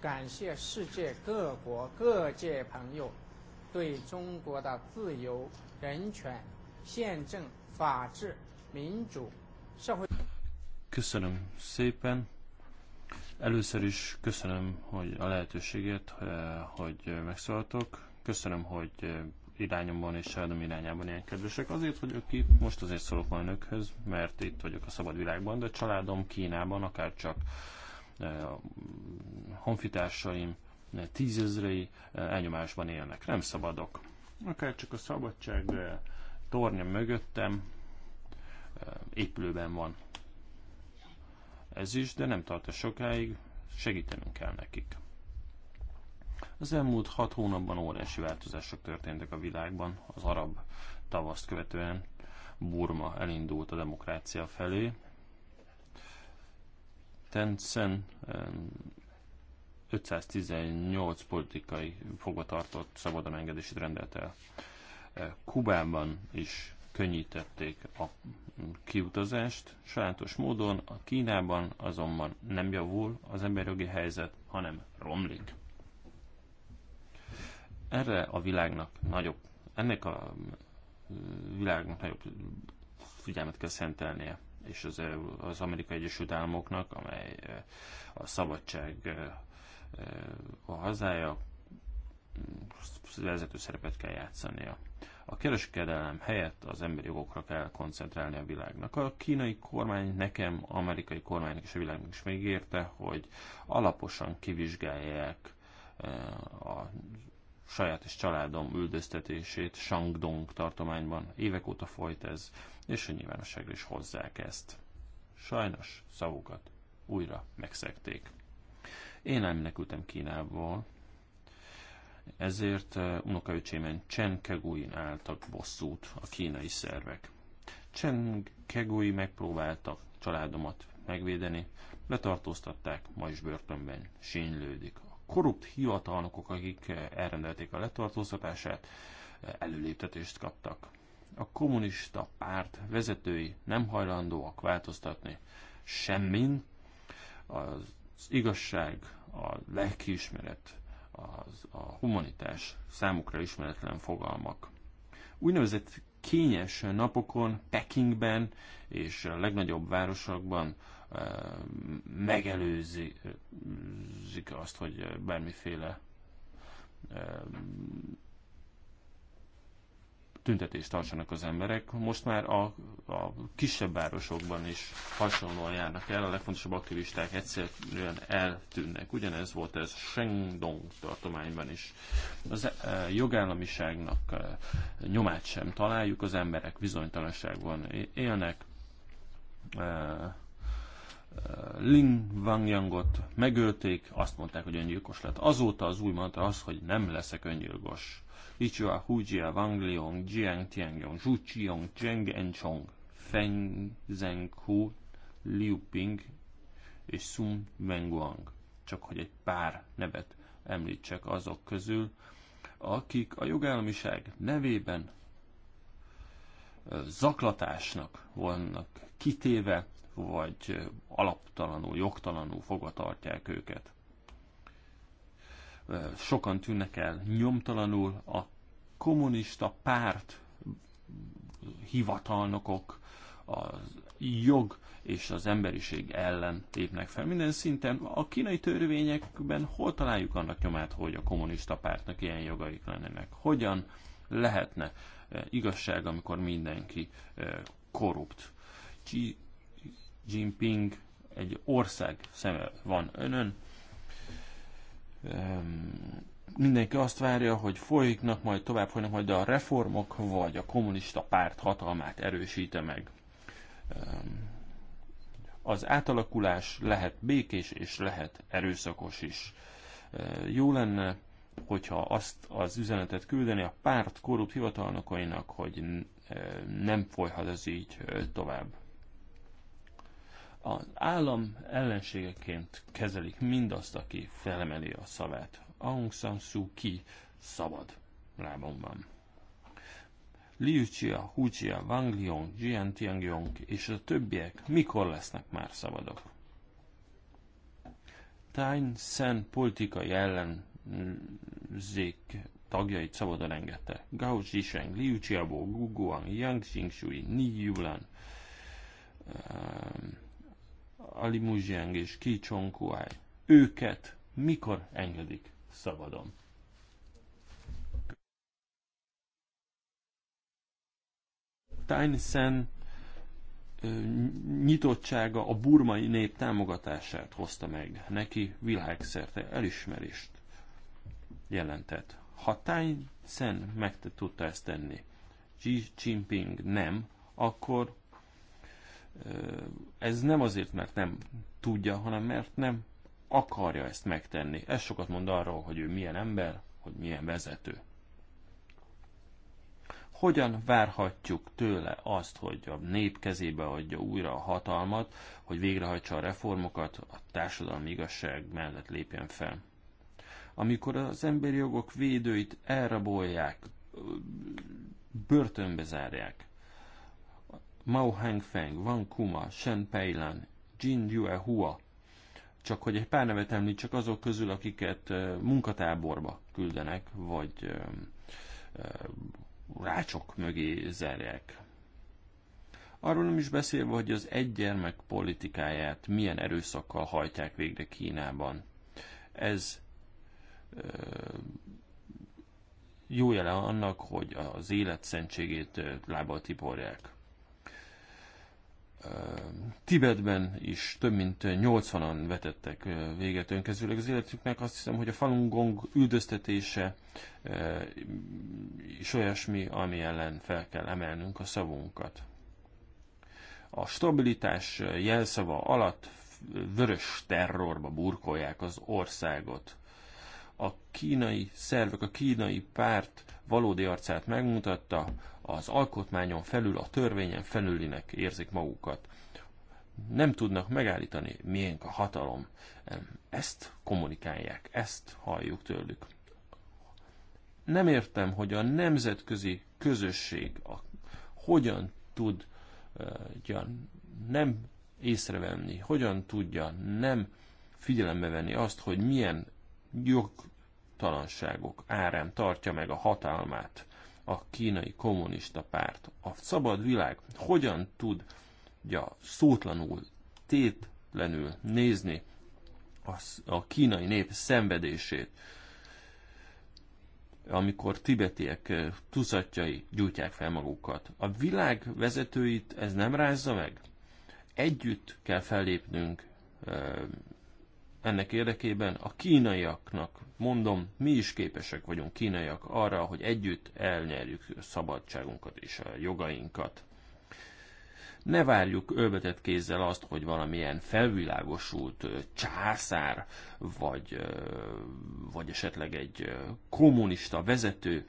感谢世界各国各界朋友对中国的自由人权、宪政、法治、民主、社会。Köszönöm szépen. Először is köszönöm hogy a lehetőséget, eh, hogy megszólaltok. Köszönöm, hogy eh, irányomban és sajátom irányában ilyen kedvesek. Azért vagyok itt, most azért szólok majd önökhöz, mert itt vagyok a szabad világban, de családom Kínában, akár csak eh, honfitársaim tízezrei elnyomásban élnek. Nem szabadok akár csak a szabadság tornya mögöttem eh, épülőben van. Ez is, de nem tart sokáig, segítenünk kell nekik. Az elmúlt hat hónapban óriási változások történtek a világban, az arab tavaszt követően Burma elindult a demokrácia felé. Tencent 518 politikai fogvatartott szabadon engedését rendelt el. E, Kubában is könnyítették a kiutazást sajátos módon, a Kínában azonban nem javul az emberjogi helyzet, hanem romlik. Erre a világnak nagyobb, ennek a e, világnak nagyobb figyelmet kell szentelnie, és az, az Amerikai Egyesült Államoknak, amely e, a szabadság a hazája vezető szerepet kell játszania. A kereskedelem helyett az emberi jogokra kell koncentrálni a világnak. A kínai kormány nekem, amerikai kormánynak és a világnak is megírte, hogy alaposan kivizsgálják e, a saját és családom üldöztetését Shangdong tartományban. Évek óta folyt ez, és a nyilvánosságra is hozzák ezt. Sajnos szavukat újra megszekték. Én elmenekültem Kínából, ezért eh, unokaöcsémen Chen Keguin álltak bosszút a kínai szervek. Chen Kegui megpróbáltak családomat megvédeni, letartóztatták, ma is börtönben sínylődik. A korrupt hivatalnokok, akik eh, elrendelték a letartóztatását, eh, előléptetést kaptak. A kommunista párt vezetői nem hajlandóak változtatni semmin, az az igazság, a lelkiismeret, az, a humanitás számukra ismeretlen fogalmak. Úgynevezett kényes napokon Pekingben és a legnagyobb városokban eh, eh, megelőzik azt, hogy bármiféle eh, tüntetést tartsanak az emberek. Most már a, a kisebb városokban is hasonlóan járnak el, a legfontosabb aktivisták egyszerűen eltűnnek. Ugyanez volt ez Shengdong tartományban is. Az e, jogállamiságnak e, nyomát sem találjuk, az emberek bizonytalanságban élnek. E, e Lin Wangyangot megölték, azt mondták, hogy öngyilkos lett. Azóta az új mantra az, hogy nem leszek öngyilkos Lichua, Hujia, Wang Liong, Jiang Tianyong, Zhu Qiong, Zheng Enchong, Feng Zhenghu, Liu Ping és Sun Wenguang. Csak hogy egy pár nevet említsek azok közül, akik a jogállamiság nevében zaklatásnak vannak kitéve, vagy alaptalanul, jogtalanul fogva tartják őket sokan tűnnek el nyomtalanul, a kommunista párt hivatalnokok a jog és az emberiség ellen lépnek fel minden szinten. A kínai törvényekben hol találjuk annak nyomát, hogy a kommunista pártnak ilyen jogaik lennének? Hogyan lehetne igazság, amikor mindenki korrupt? Xi Jinping egy ország szeme van önön, mindenki azt várja, hogy folyiknak, majd tovább folynak majd a reformok, vagy a kommunista párt hatalmát erősíte meg. Az átalakulás lehet békés és lehet erőszakos is. Jó lenne, hogyha azt az üzenetet küldeni a párt korrupt hivatalnokainak, hogy nem folyhat ez így tovább az állam ellenségeként kezelik mindazt, aki felemeli a szavát. Aung San Suu Kyi szabad lábomban. van. Liu Chia, Hu Chia, Wang Liong, Jian Tiangyong és a többiek mikor lesznek már szabadok? Tain, Sen, politikai ellenzék tagjait szabadon engedte. Gao Zhisheng, Liu Xiaobo, Gu Guang, Yang Xingshui, Ni Yulan, um, Ali Muzsiang és Ki Csonkuáj. Őket mikor engedik szabadon? Tyson nyitottsága a burmai nép támogatását hozta meg neki világszerte elismerést jelentett. Ha Sen meg tudta ezt tenni, Xi Jinping nem, akkor ez nem azért, mert nem tudja, hanem mert nem akarja ezt megtenni. Ez sokat mond arról, hogy ő milyen ember, hogy milyen vezető. Hogyan várhatjuk tőle azt, hogy a nép kezébe adja újra a hatalmat, hogy végrehajtsa a reformokat, a társadalmi igazság mellett lépjen fel? Amikor az emberi jogok védőit elrabolják, börtönbe zárják, Mao Hengfeng, Wang Kuma, Shen Peilan, Jin Yue Hua, csak hogy egy pár nevet csak azok közül, akiket munkatáborba küldenek, vagy rácsok mögé zárják. Arról nem is beszélve, hogy az egygyermek politikáját milyen erőszakkal hajtják végre Kínában. Ez jó jele annak, hogy az élet szentségét lábbal tiporják. Tibetben is több mint 80-an vetettek véget önkezőleg az életüknek. Azt hiszem, hogy a Falun Gong üldöztetése is olyasmi, ami ellen fel kell emelnünk a szavunkat. A stabilitás jelszava alatt vörös terrorba burkolják az országot. A kínai szervek, a kínai párt valódi arcát megmutatta, az alkotmányon felül, a törvényen felülinek érzik magukat. Nem tudnak megállítani, miénk a hatalom. Ezt kommunikálják, ezt halljuk tőlük. Nem értem, hogy a nemzetközi közösség a, hogyan tud uh, nem észrevenni, hogyan tudja nem figyelembe venni azt, hogy milyen jogtalanságok árán tartja meg a hatalmát a kínai kommunista párt. A szabad világ hogyan tudja szótlanul, tétlenül nézni a kínai nép szenvedését, amikor tibetiek eh, tuzatjai gyújtják fel magukat. A világ vezetőit ez nem rázza meg? Együtt kell fellépnünk eh, ennek érdekében a kínaiaknak, mondom, mi is képesek vagyunk kínaiak arra, hogy együtt elnyerjük a szabadságunkat és a jogainkat. Ne várjuk ölbetett kézzel azt, hogy valamilyen felvilágosult császár, vagy, vagy esetleg egy kommunista vezető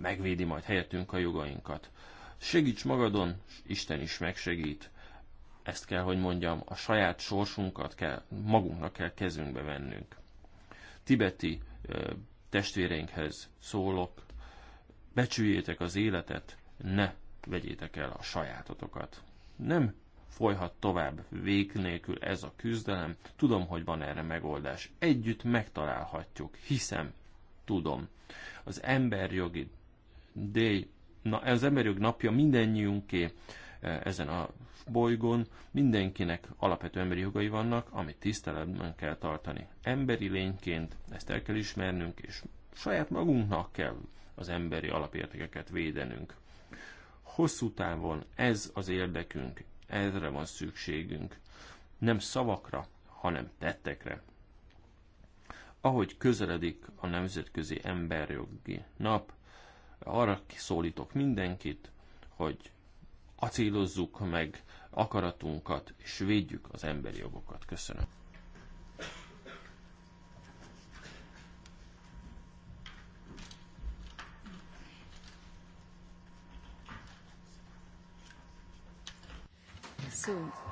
megvédi majd helyettünk a jogainkat. Segíts magadon, Isten is megsegít ezt kell, hogy mondjam, a saját sorsunkat kell, magunknak kell kezünkbe vennünk. Tibeti ö, testvéreinkhez szólok, becsüljétek az életet, ne vegyétek el a sajátotokat. Nem folyhat tovább vég nélkül ez a küzdelem, tudom, hogy van erre megoldás. Együtt megtalálhatjuk, hiszem, tudom. Az emberjogi day, na, az emberjog napja mindennyiunké ezen a bolygón mindenkinek alapvető emberi jogai vannak, amit tiszteletben kell tartani. Emberi lényként ezt el kell ismernünk, és saját magunknak kell az emberi alapértékeket védenünk. Hosszú távon ez az érdekünk, ezre van szükségünk. Nem szavakra, hanem tettekre. Ahogy közeledik a Nemzetközi Emberjogi Nap, arra szólítok mindenkit, hogy acélozzuk meg akaratunkat, és védjük az emberi jogokat. Köszönöm.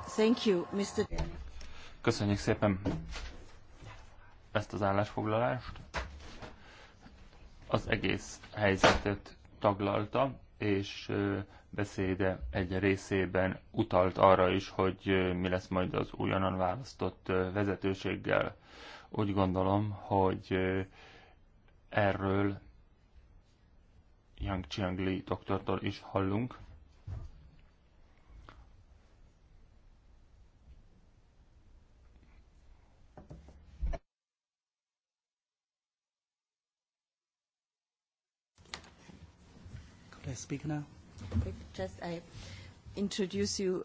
Thank you, Mr. Köszönjük szépen ezt az állásfoglalást. Az egész helyzetet taglalta és beszéde egy részében utalt arra is, hogy mi lesz majd az újonnan választott vezetőséggel. Úgy gondolom, hogy erről Yang Li doktortól is hallunk. speak now. Just I introduce you.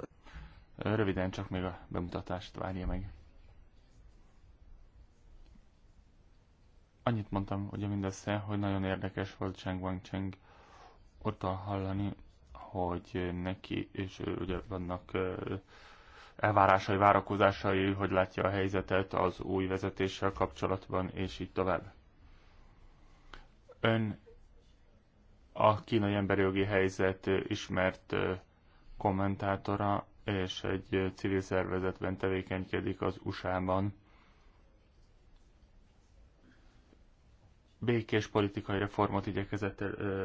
Röviden csak még a bemutatást várja meg. Annyit mondtam, hogy mindössze, hogy nagyon érdekes volt Cheng Wang Cheng ott hallani, hogy neki, és ugye vannak elvárásai, várakozásai, hogy látja a helyzetet az új vezetéssel kapcsolatban, és így tovább. Ön a kínai emberjogi helyzet ismert kommentátora, és egy civil szervezetben tevékenykedik az USA-ban. Békés politikai reformot igyekezett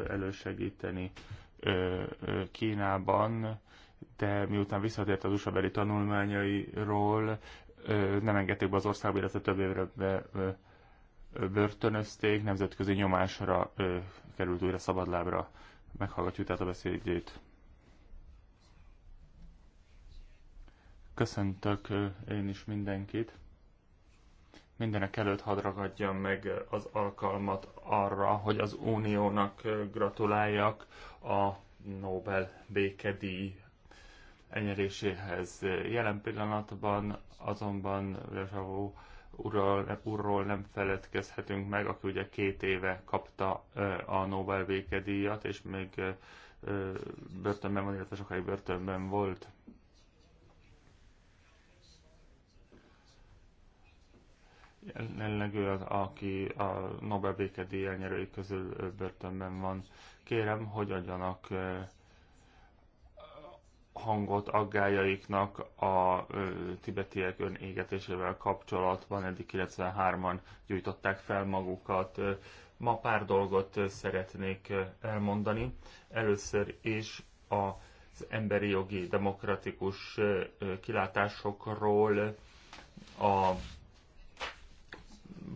elősegíteni Kínában, de miután visszatért az USA-beli tanulmányairól, nem engedték be az országba, illetve több évre be, börtönözték, nemzetközi nyomásra ö, került újra szabadlábra. Meghallgatjuk tehát a beszédjét. Köszöntök én is mindenkit. Mindenek előtt hadd ragadjam meg az alkalmat arra, hogy az Uniónak gratuláljak a Nobel békedíj enyeréséhez. Jelen pillanatban azonban Lezsavó ural, urról nem feledkezhetünk meg, aki ugye két éve kapta a Nobel békedíjat, és még börtönben van, illetve sokáig börtönben volt. Jelenleg ő az, aki a Nobel békedíj elnyerői közül börtönben van. Kérem, hogy adjanak hangot aggájaiknak a ö, tibetiek önégetésével kapcsolatban. Eddig 93-an gyújtották fel magukat. Ma pár dolgot szeretnék elmondani. Először is az emberi jogi demokratikus kilátásokról a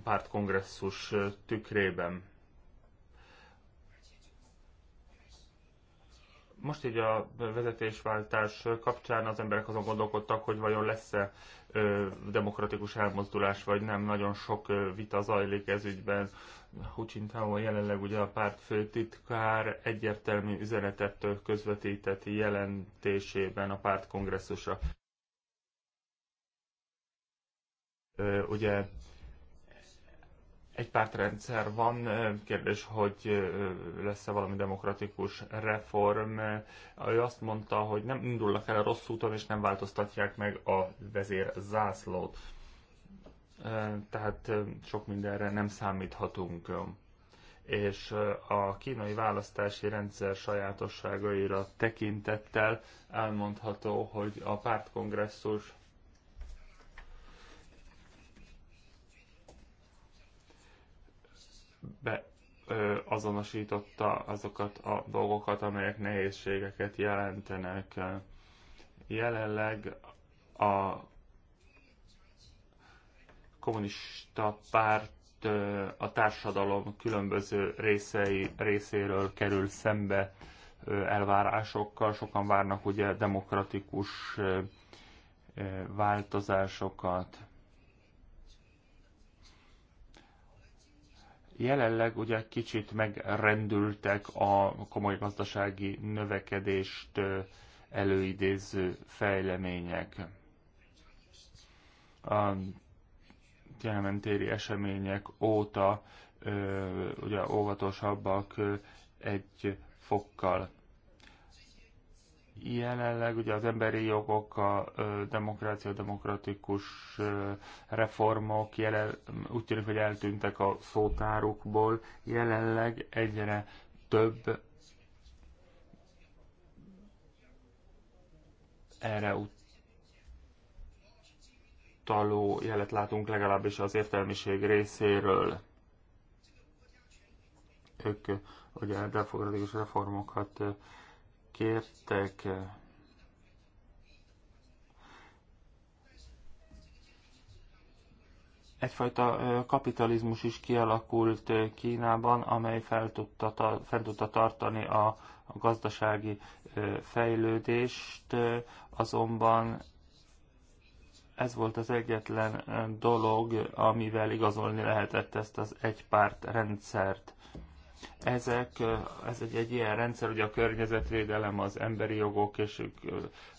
pártkongresszus tükrében most így a vezetésváltás kapcsán az emberek azon gondolkodtak, hogy vajon lesz-e demokratikus elmozdulás, vagy nem. Nagyon sok vita zajlik ez ügyben. Hu Jintao jelenleg ugye a párt főtitkár egyértelmű üzenetet közvetített jelentésében a párt kongresszusa. Ugye egy pártrendszer van, kérdés, hogy lesz-e valami demokratikus reform. Ő azt mondta, hogy nem indulnak el a rossz úton, és nem változtatják meg a vezér zászlót. Tehát sok mindenre nem számíthatunk. És a kínai választási rendszer sajátosságaira tekintettel elmondható, hogy a pártkongresszus be azonosította azokat a dolgokat, amelyek nehézségeket jelentenek. Jelenleg a kommunista párt a társadalom különböző részei, részéről kerül szembe elvárásokkal. Sokan várnak ugye demokratikus változásokat. Jelenleg ugye kicsit megrendültek a komoly gazdasági növekedést előidéző fejlemények. A jelentéri események óta ugye óvatosabbak egy fokkal jelenleg ugye az emberi jogok, a demokrácia, a demokratikus reformok jelen, úgy tűnik, hogy eltűntek a szótárukból. Jelenleg egyre több erre utaló jelet látunk legalábbis az értelmiség részéről. Ők ugye demokratikus reformokat kértek egyfajta kapitalizmus is kialakult Kínában, amely fel tudta, fel tudta tartani a, a gazdasági fejlődést, azonban ez volt az egyetlen dolog, amivel igazolni lehetett ezt az egypárt rendszert. Ezek, ez egy, egy ilyen rendszer, ugye a környezetvédelem, az emberi jogok és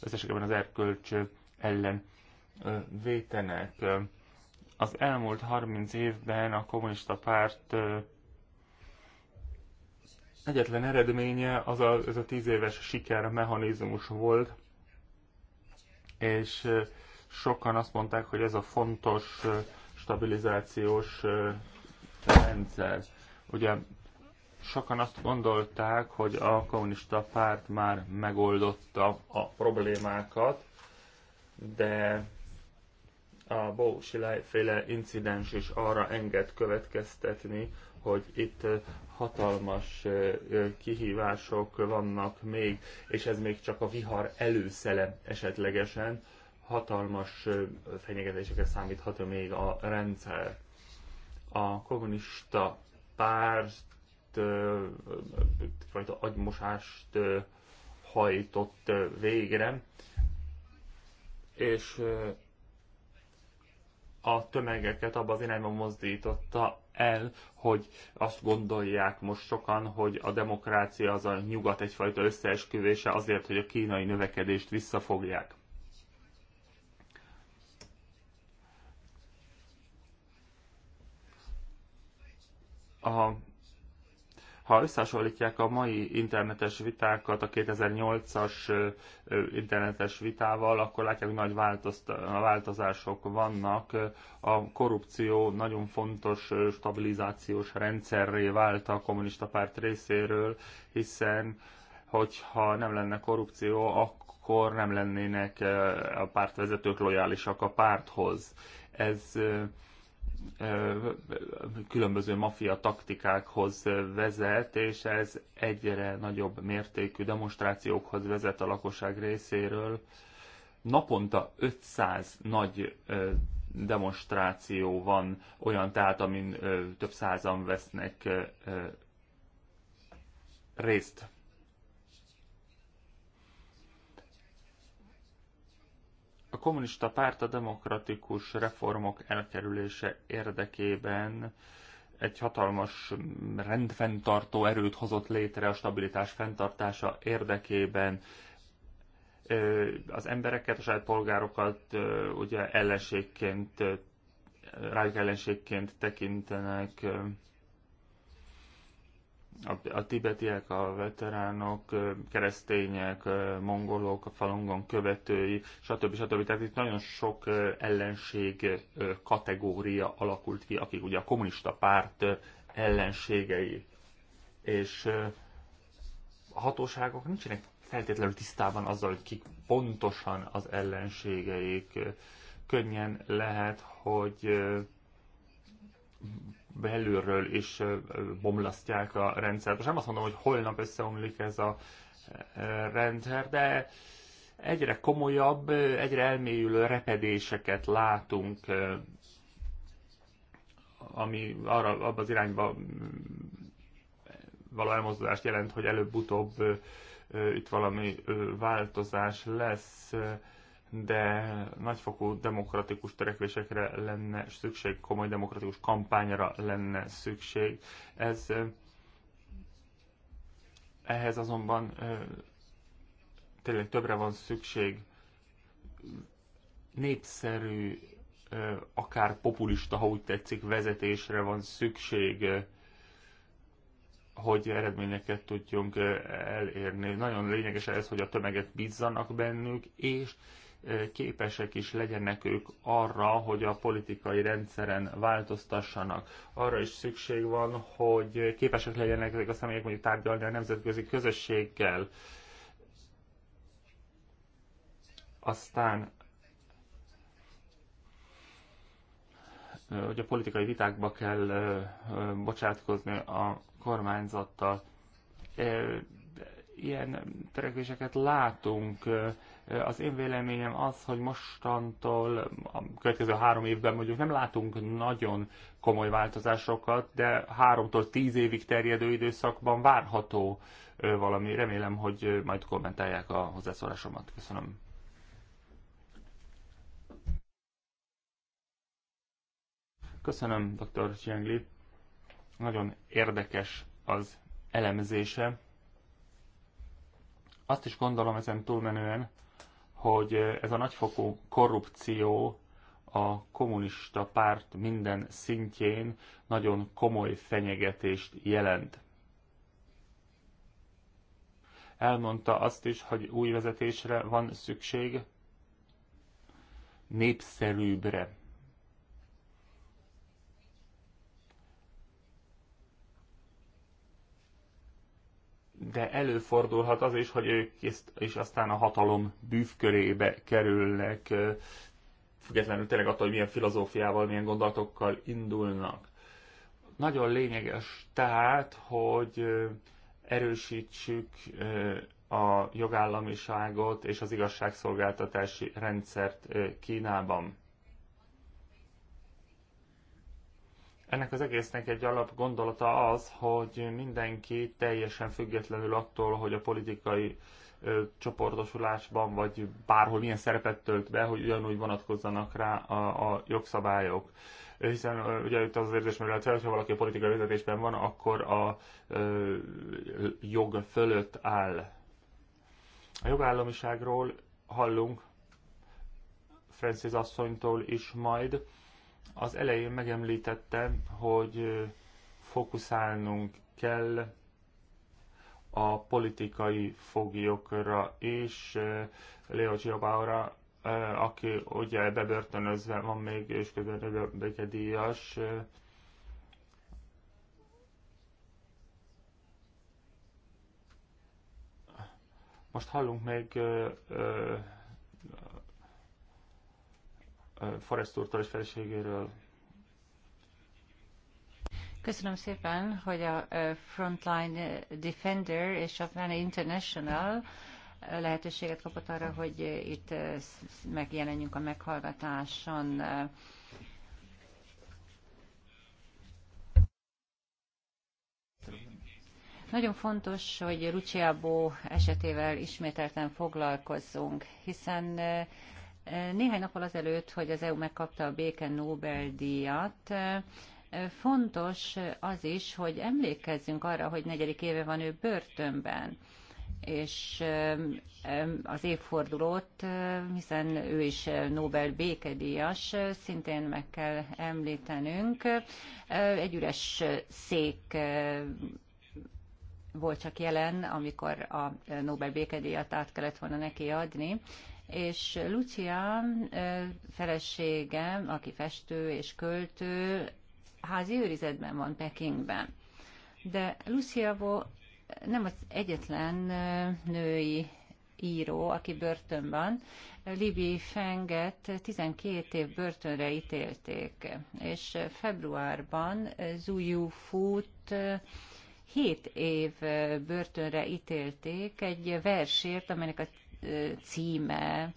összességében az erkölcs ellen vétenek. Az elmúlt 30 évben a kommunista párt egyetlen eredménye az a, az a 10 éves siker mechanizmus volt, és sokan azt mondták, hogy ez a fontos stabilizációs rendszer. Ugye sokan azt gondolták, hogy a kommunista párt már megoldotta a problémákat, de a Bósilaj féle incidens is arra enged következtetni, hogy itt hatalmas kihívások vannak még, és ez még csak a vihar előszele esetlegesen, hatalmas fenyegetésekre számíthat még a rendszer. A kommunista párt fajta agymosást hajtott végre, és a tömegeket abban az irányba mozdította el, hogy azt gondolják most sokan, hogy a demokrácia az a nyugat egyfajta összeesküvése azért, hogy a kínai növekedést visszafogják. A ha összehasonlítják a mai internetes vitákat a 2008-as internetes vitával, akkor látják, hogy nagy változások vannak. A korrupció nagyon fontos stabilizációs rendszerré vált a kommunista párt részéről, hiszen hogyha nem lenne korrupció, akkor nem lennének a pártvezetők lojálisak a párthoz. Ez különböző mafia taktikákhoz vezet, és ez egyre nagyobb mértékű demonstrációkhoz vezet a lakosság részéről. Naponta 500 nagy demonstráció van olyan, tehát amin több százan vesznek részt. A kommunista párt a demokratikus reformok elkerülése érdekében egy hatalmas rendfenntartó erőt hozott létre a stabilitás fenntartása érdekében. Az embereket, a saját polgárokat ugye ellenségként, rájuk ellenségként tekintenek a, a tibetiek, a veteránok, keresztények, mongolok, a falongon követői, stb. stb. Tehát itt nagyon sok ellenség kategória alakult ki, akik ugye a kommunista párt ellenségei. És a hatóságok nincsenek feltétlenül tisztában azzal, hogy kik pontosan az ellenségeik. Könnyen lehet, hogy belülről is bomlasztják a rendszert. Most nem azt mondom, hogy holnap összeomlik ez a rendszer, de egyre komolyabb, egyre elmélyülő repedéseket látunk, ami arra, abba az irányba való elmozdulást jelent, hogy előbb-utóbb itt valami változás lesz de nagyfokú demokratikus törekvésekre lenne szükség, komoly demokratikus kampányra lenne szükség. Ez ehhez azonban tényleg többre van szükség. Népszerű, akár populista, ha úgy tetszik, vezetésre van szükség, hogy eredményeket tudjunk elérni. Nagyon lényeges ez, hogy a tömeget bízzanak bennük, és képesek is legyenek ők arra, hogy a politikai rendszeren változtassanak. Arra is szükség van, hogy képesek legyenek ezek a személyek mondjuk tárgyalni a nemzetközi közösséggel. Aztán hogy a politikai vitákba kell bocsátkozni a kormányzattal ilyen törekvéseket látunk. Az én véleményem az, hogy mostantól a következő három évben mondjuk nem látunk nagyon komoly változásokat, de háromtól tíz évig terjedő időszakban várható valami. Remélem, hogy majd kommentálják a hozzászólásomat. Köszönöm. Köszönöm, dr. Csiangli. Nagyon érdekes az elemzése azt is gondolom ezen túlmenően, hogy ez a nagyfokú korrupció a kommunista párt minden szintjén nagyon komoly fenyegetést jelent. Elmondta azt is, hogy új vezetésre van szükség, népszerűbbre, de előfordulhat az is, hogy ők ezt, és aztán a hatalom bűvkörébe kerülnek, függetlenül tényleg attól, hogy milyen filozófiával, milyen gondolatokkal indulnak. Nagyon lényeges tehát, hogy erősítsük a jogállamiságot és az igazságszolgáltatási rendszert Kínában. Ennek az egésznek egy alap gondolata az, hogy mindenki teljesen függetlenül attól, hogy a politikai ö, csoportosulásban, vagy bárhol milyen szerepet tölt be, hogy ugyanúgy vonatkozzanak rá a, a jogszabályok. Hiszen ugye itt az érzés merült hogy ha valaki a politikai vezetésben van, akkor a ö, jog fölött áll. A jogállamiságról hallunk Francis asszonytól is majd az elején megemlítette, hogy fókuszálnunk kell a politikai foglyokra és Leo Giobaura, aki ugye bebörtönözve van még, és közben békedíjas, Most hallunk még Forrest úrtól és feleségéről. Köszönöm szépen, hogy a Frontline Defender és a Fanny International lehetőséget kapott arra, hogy itt megjelenjünk a meghallgatáson. Nagyon fontos, hogy Luciábó esetével ismételten foglalkozzunk, hiszen néhány nappal azelőtt, hogy az EU megkapta a béke Nobel-díjat, fontos az is, hogy emlékezzünk arra, hogy negyedik éve van ő börtönben és az évfordulót, hiszen ő is Nobel békedíjas, szintén meg kell említenünk. Egy üres szék volt csak jelen, amikor a Nobel békedíjat át kellett volna neki adni, és Lucia feleségem, aki festő és költő, házi őrizetben van Pekingben. De Lucia Vo nem az egyetlen női író, aki börtönben. Libi Fenget 12 év börtönre ítélték, és februárban Zuyu Fut 7 év börtönre ítélték egy versért, amelynek a címe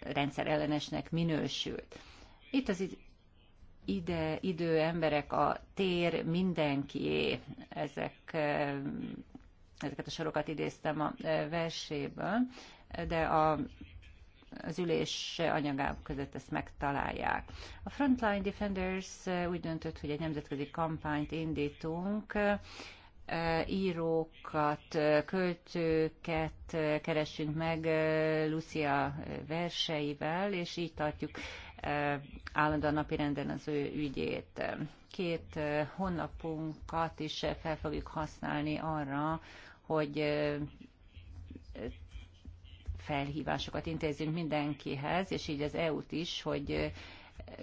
rendszerellenesnek minősült. Itt az ide idő emberek, a tér mindenki, ezek, ezeket a sorokat idéztem a verséből, de a, az ülés anyagák között ezt megtalálják. A Frontline Defenders úgy döntött, hogy egy nemzetközi kampányt indítunk, írókat, költőket keresünk meg Lucia verseivel, és így tartjuk e, állandóan napirenden az ő ügyét. Két e, honlapunkat is fel fogjuk használni arra, hogy e, felhívásokat intézünk mindenkihez, és így az EU-t is, hogy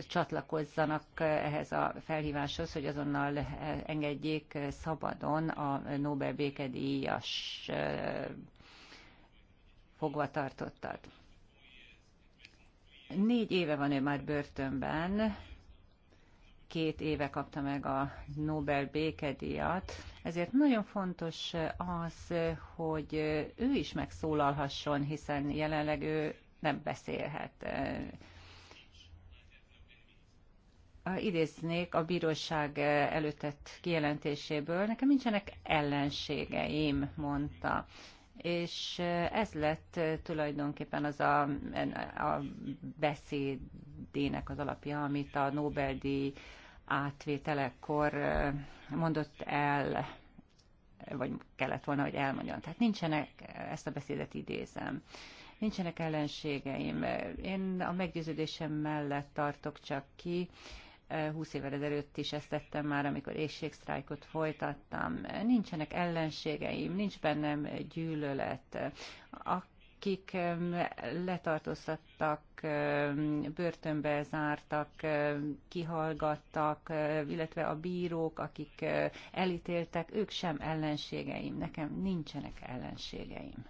csatlakozzanak ehhez a felhíváshoz, hogy azonnal engedjék szabadon a Nobel békedíjas eh, fogvatartottat. Négy éve van ő már börtönben, két éve kapta meg a Nobel békedíjat, ezért nagyon fontos az, hogy ő is megszólalhasson, hiszen jelenleg ő nem beszélhet eh, idéznék a bíróság eh, előtett kijelentéséből, nekem nincsenek ellenségeim, mondta. És eh, ez lett eh, tulajdonképpen az a, a beszédének az alapja, amit a Nobel-díj átvételekor mondott el, vagy kellett volna, hogy elmondjon. Tehát nincsenek, ezt a beszédet idézem nincsenek ellenségeim. Én a meggyőződésem mellett tartok csak ki, 20 évvel ezelőtt is ezt tettem már, amikor éjségsztrájkot folytattam. Nincsenek ellenségeim, nincs bennem gyűlölet. Akik letartóztattak, börtönbe zártak, kihallgattak, illetve a bírók, akik elítéltek, ők sem ellenségeim. Nekem nincsenek ellenségeim.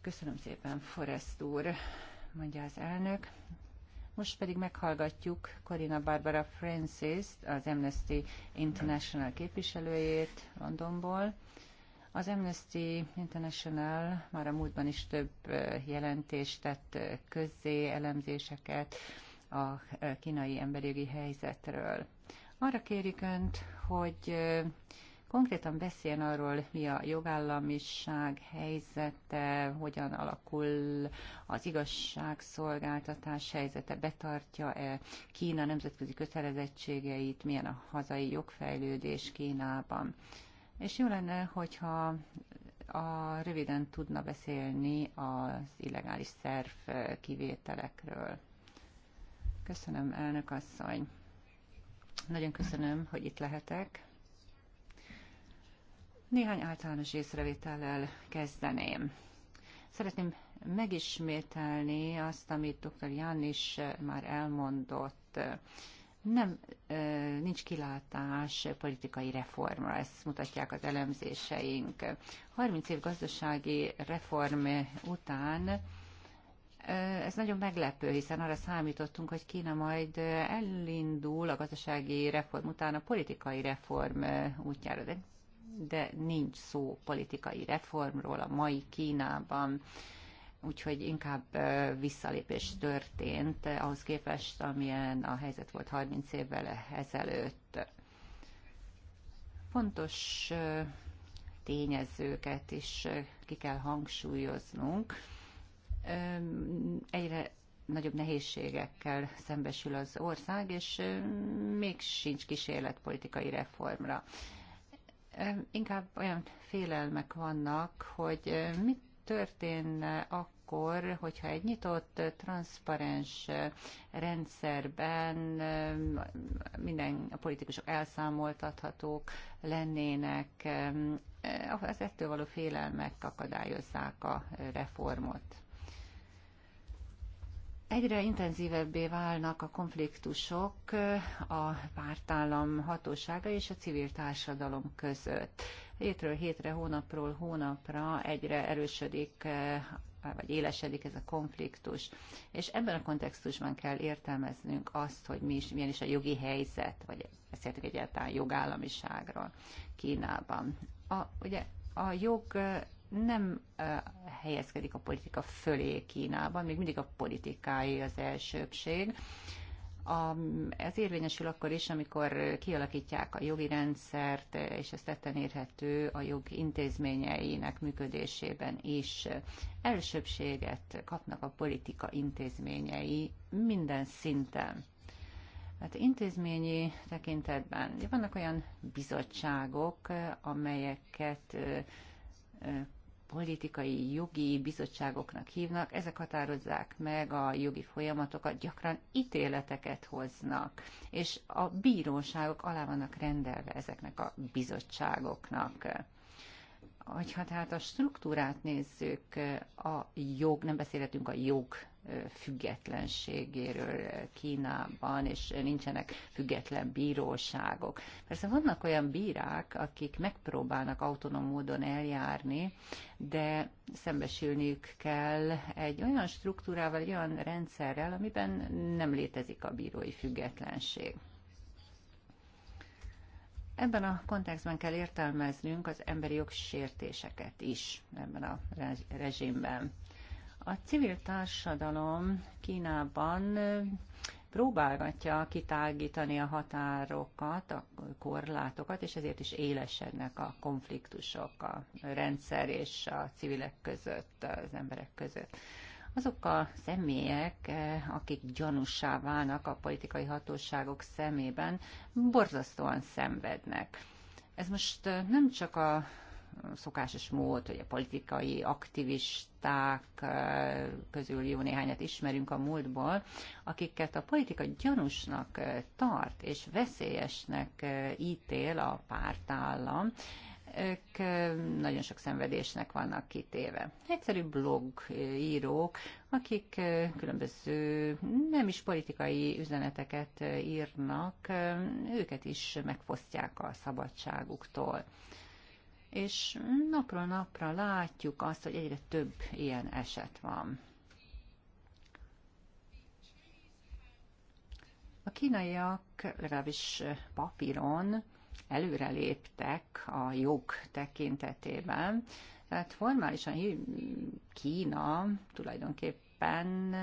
Köszönöm szépen, Forrest úr, mondja az elnök. Most pedig meghallgatjuk Corina Barbara Francis, az Amnesty International képviselőjét Londonból. Az Amnesty International már a múltban is több jelentést tett közzé, elemzéseket a kínai emberi helyzetről. Arra kérik Önt, hogy konkrétan beszéljen arról, mi a jogállamiság helyzete, hogyan alakul az igazságszolgáltatás helyzete, betartja-e Kína nemzetközi kötelezettségeit, milyen a hazai jogfejlődés Kínában. És jó lenne, hogyha a, röviden tudna beszélni az illegális szerv kivételekről. Köszönöm, elnök asszony. Nagyon köszönöm, hogy itt lehetek. Néhány általános észrevétellel kezdeném. Szeretném megismételni azt, amit dr. Ján is eh, már elmondott. Nem, eh, nincs kilátás politikai reformra, ezt mutatják az elemzéseink. 30 év gazdasági reform után eh, ez nagyon meglepő, hiszen arra számítottunk, hogy Kína majd elindul a gazdasági reform után a politikai reform útjára, de de nincs szó politikai reformról a mai Kínában, úgyhogy inkább visszalépés történt ahhoz képest, amilyen a helyzet volt 30 évvel ezelőtt. Fontos tényezőket is ki kell hangsúlyoznunk. Egyre nagyobb nehézségekkel szembesül az ország, és még sincs kísérlet politikai reformra inkább olyan félelmek vannak, hogy mit történne akkor, hogyha egy nyitott, transzparens rendszerben minden a politikusok elszámoltathatók lennének, az ettől való félelmek akadályozzák a reformot. Egyre intenzívebbé válnak a konfliktusok a pártállam hatósága és a civil társadalom között. Hétről hétre, hónapról hónapra egyre erősödik vagy élesedik ez a konfliktus. És ebben a kontextusban kell értelmeznünk azt, hogy mi is, milyen is a jogi helyzet, vagy beszéltek egyáltalán jogállamiságról Kínában. A, ugye a jog nem helyezkedik a politika fölé Kínában, még mindig a politikai az elsőbség. A, ez érvényesül akkor is, amikor kialakítják a jogi rendszert, és ez tetten érhető a jog intézményeinek működésében is. Elsőbséget kapnak a politika intézményei minden szinten. Hát intézményi tekintetben vannak olyan bizottságok, amelyeket politikai jogi bizottságoknak hívnak, ezek határozzák meg a jogi folyamatokat, gyakran ítéleteket hoznak, és a bíróságok alá vannak rendelve ezeknek a bizottságoknak. Hogyha tehát a struktúrát nézzük, a jog, nem beszélhetünk a jog függetlenségéről Kínában, és nincsenek független bíróságok. Persze vannak olyan bírák, akik megpróbálnak autonóm módon eljárni, de szembesülniük kell egy olyan struktúrával, egy olyan rendszerrel, amiben nem létezik a bírói függetlenség. Ebben a kontextben kell értelmeznünk az emberi jogsértéseket is ebben a rezsimben. A civil társadalom Kínában próbálgatja kitágítani a határokat, a korlátokat, és ezért is élesednek a konfliktusok a rendszer és a civilek között, az emberek között azok a személyek, eh, akik gyanussá válnak a politikai hatóságok szemében, borzasztóan szenvednek. Ez most eh, nem csak a szokásos mód, hogy a politikai aktivisták eh, közül jó néhányat ismerünk a múltból, akiket a politika gyanúsnak tart és veszélyesnek ítél a pártállam, ők nagyon sok szenvedésnek vannak kitéve. Egyszerű blog írók, akik különböző nem is politikai üzeneteket írnak, őket is megfosztják a szabadságuktól. És napról napra látjuk azt, hogy egyre több ilyen eset van. A kínaiak legalábbis papíron előreléptek a jog tekintetében. Tehát formálisan Kína tulajdonképpen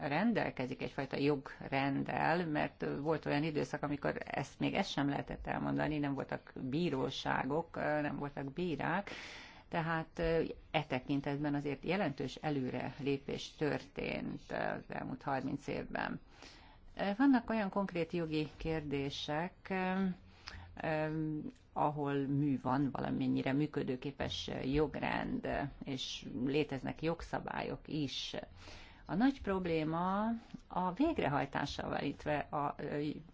rendelkezik egyfajta jogrendel, mert volt olyan időszak, amikor ezt még ezt sem lehetett elmondani, nem voltak bíróságok, nem voltak bírák, tehát e tekintetben azért jelentős előre lépés történt az elmúlt 30 évben. Vannak olyan konkrét jogi kérdések, ahol mű van, valamennyire működőképes jogrend, és léteznek jogszabályok is. A nagy probléma a végrehajtásával, illetve a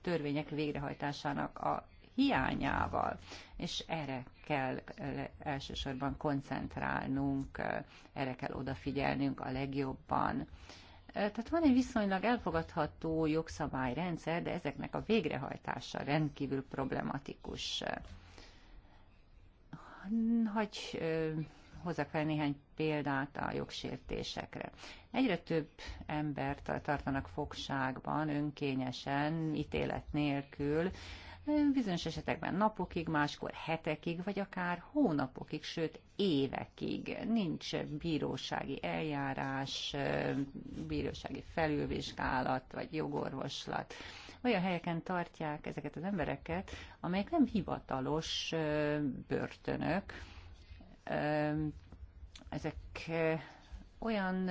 törvények végrehajtásának a hiányával, és erre kell elsősorban koncentrálnunk, erre kell odafigyelnünk a legjobban. Tehát van egy viszonylag elfogadható jogszabályrendszer, de ezeknek a végrehajtása rendkívül problematikus. Hagy hozzak fel néhány példát a jogsértésekre. Egyre több embert tartanak fogságban önkényesen, ítélet nélkül, bizonyos esetekben napokig, máskor hetekig, vagy akár hónapokig, sőt évekig nincs bírósági eljárás, bírósági felülvizsgálat, vagy jogorvoslat. Olyan helyeken tartják ezeket az embereket, amelyek nem hivatalos börtönök. Ezek olyan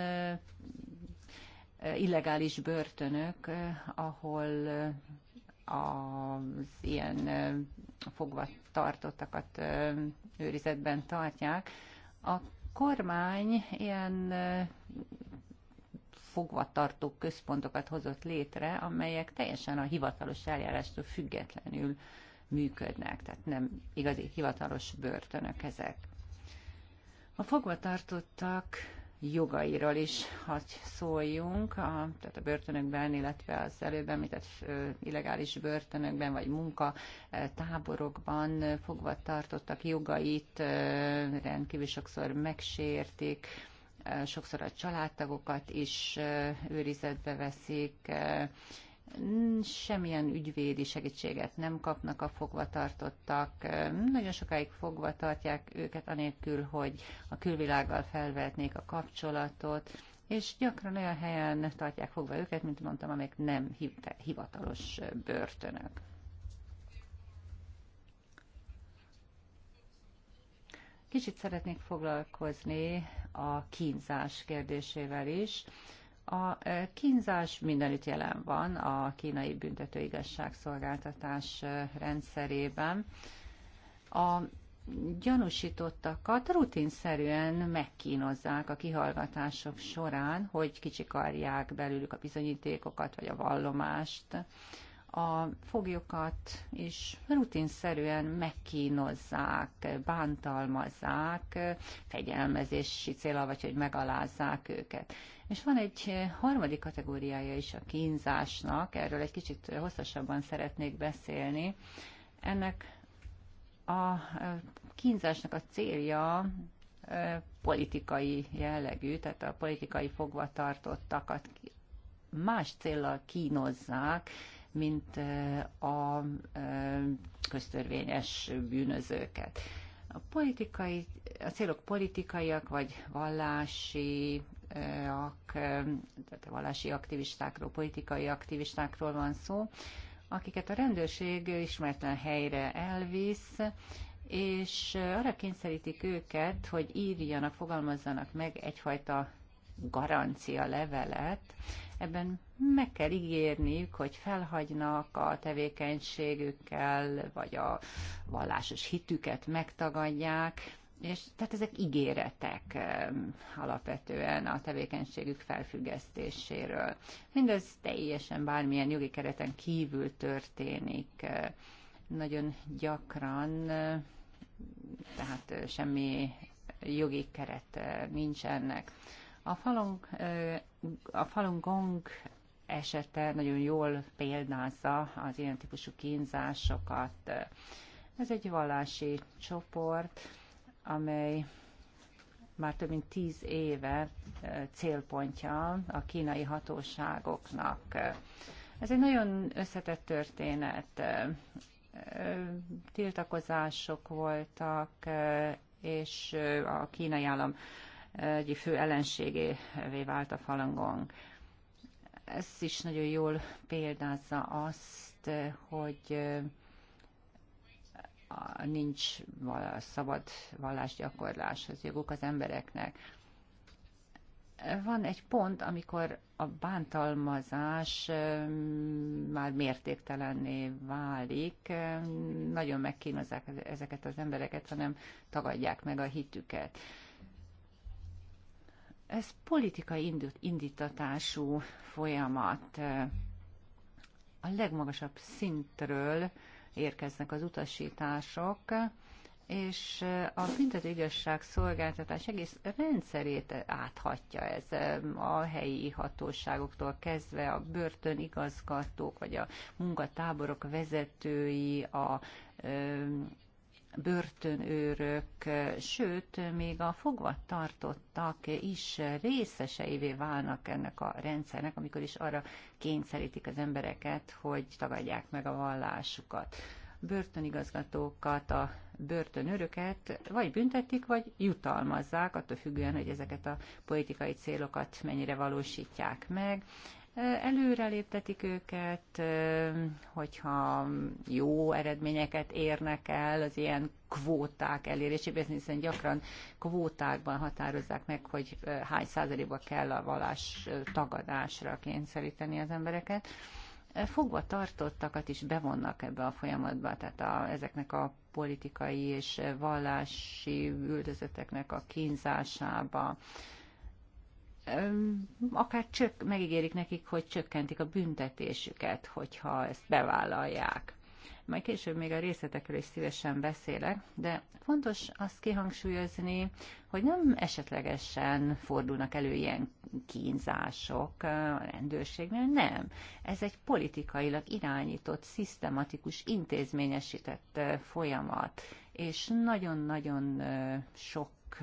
illegális börtönök, ahol az ilyen fogva tartottakat őrizetben tartják. A kormány ilyen fogvatartó központokat hozott létre, amelyek teljesen a hivatalos eljárástól függetlenül működnek, tehát nem igazi hivatalos börtönök ezek. A fogvatartottak jogairól is hadd szóljunk, a, tehát a börtönökben, illetve az előbb említett illegális börtönökben vagy munkatáborokban fogva tartottak jogait rendkívül sokszor megsértik, sokszor a családtagokat is őrizetbe veszik, semmilyen ügyvédi segítséget nem kapnak a fogvatartottak, nagyon sokáig fogva tartják őket anélkül, hogy a külvilággal felvetnék a kapcsolatot, és gyakran olyan helyen tartják fogva őket, mint mondtam, amik nem hivatalos börtönök. Kicsit szeretnék foglalkozni a kínzás kérdésével is. A e, kínzás mindenütt jelen van a kínai büntetőigazságszolgáltatás e, rendszerében. A gyanúsítottakat rutinszerűen megkínozzák a kihallgatások során, hogy kicsikarják belőlük a bizonyítékokat vagy a vallomást a foglyokat is rutinszerűen megkínozzák, bántalmazzák, fegyelmezési célra, vagy hogy megalázzák őket. És van egy harmadik kategóriája is a kínzásnak, erről egy kicsit hosszasabban szeretnék beszélni. Ennek a kínzásnak a célja politikai jellegű, tehát a politikai fogvatartottakat más célral kínozzák, mint a köztörvényes bűnözőket. A, politikai, a célok politikaiak vagy vallási tehát vallási aktivistákról, politikai aktivistákról van szó, akiket a rendőrség ismeretlen helyre elvisz, és arra kényszerítik őket, hogy írjanak, fogalmazzanak meg egyfajta garancia levelet. Ebben meg kell ígérniük, hogy felhagynak a tevékenységükkel, vagy a vallásos hitüket megtagadják, és tehát ezek ígéretek alapvetően a tevékenységük felfüggesztéséről. Mindez teljesen bármilyen jogi kereten kívül történik. Nagyon gyakran, tehát semmi jogi keret eh, nincsennek. A falunk, eh, a falunk Gong esete nagyon jól példázza az ilyen típusú kínzásokat. Ez egy vallási csoport, amely már több mint tíz éve eh, célpontja a kínai hatóságoknak. Ez egy nagyon összetett történet. Eh, tiltakozások voltak, eh, és a kínai állam egyik fő ellenségévé vált a falangon ez is nagyon jól példázza azt, hogy nincs szabad vallásgyakorláshoz joguk az embereknek. Van egy pont, amikor a bántalmazás már mértéktelenné válik, nagyon megkínozzák ezeket az embereket, hanem tagadják meg a hitüket. Ez politikai indítatású folyamat. A legmagasabb szintről érkeznek az utasítások, és a büntető igazság szolgáltatás egész rendszerét áthatja ez a helyi hatóságoktól kezdve a börtönigazgatók, vagy a munkatáborok vezetői, a börtönőrök, sőt, még a fogvatartottak is részeseivé válnak ennek a rendszernek, amikor is arra kényszerítik az embereket, hogy tagadják meg a vallásukat. Börtönigazgatókat, a börtönőröket vagy büntetik, vagy jutalmazzák, attól függően, hogy ezeket a politikai célokat mennyire valósítják meg előreléptetik őket, hogyha jó eredményeket érnek el az ilyen kvóták elérésében, hiszen gyakran kvótákban határozzák meg, hogy hány százalékba kell a vallás tagadásra kényszeríteni az embereket. Fogva tartottakat is bevonnak ebbe a folyamatba, tehát a, ezeknek a politikai és vallási üldözeteknek a kínzásába akár csök, megígérik nekik, hogy csökkentik a büntetésüket, hogyha ezt bevállalják. Majd később még a részletekről is szívesen beszélek, de fontos azt kihangsúlyozni, hogy nem esetlegesen fordulnak elő ilyen kínzások a rendőrségnél, nem. Ez egy politikailag irányított, szisztematikus, intézményesített folyamat, és nagyon-nagyon sok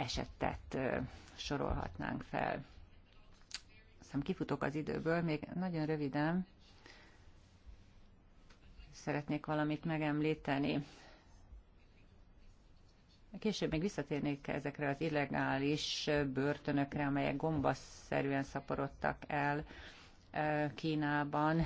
esetet sorolhatnánk fel. Aztán kifutok az időből, még nagyon röviden szeretnék valamit megemlíteni. Később még visszatérnék ezekre az illegális börtönökre, amelyek gombaszerűen szaporodtak el Kínában.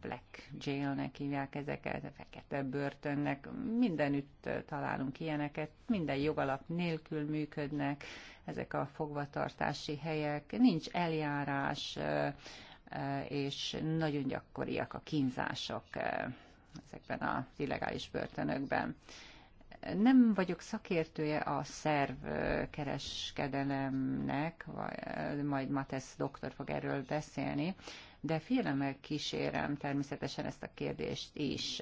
Black Jailnek hívják ezeket, a fekete börtönnek, mindenütt találunk ilyeneket, minden jogalap nélkül működnek ezek a fogvatartási helyek, nincs eljárás, és nagyon gyakoriak a kínzások ezekben az illegális börtönökben. Nem vagyok szakértője a szerv kereskedelemnek, majd Matesz doktor fog erről beszélni, de figyelemmel kísérem természetesen ezt a kérdést is.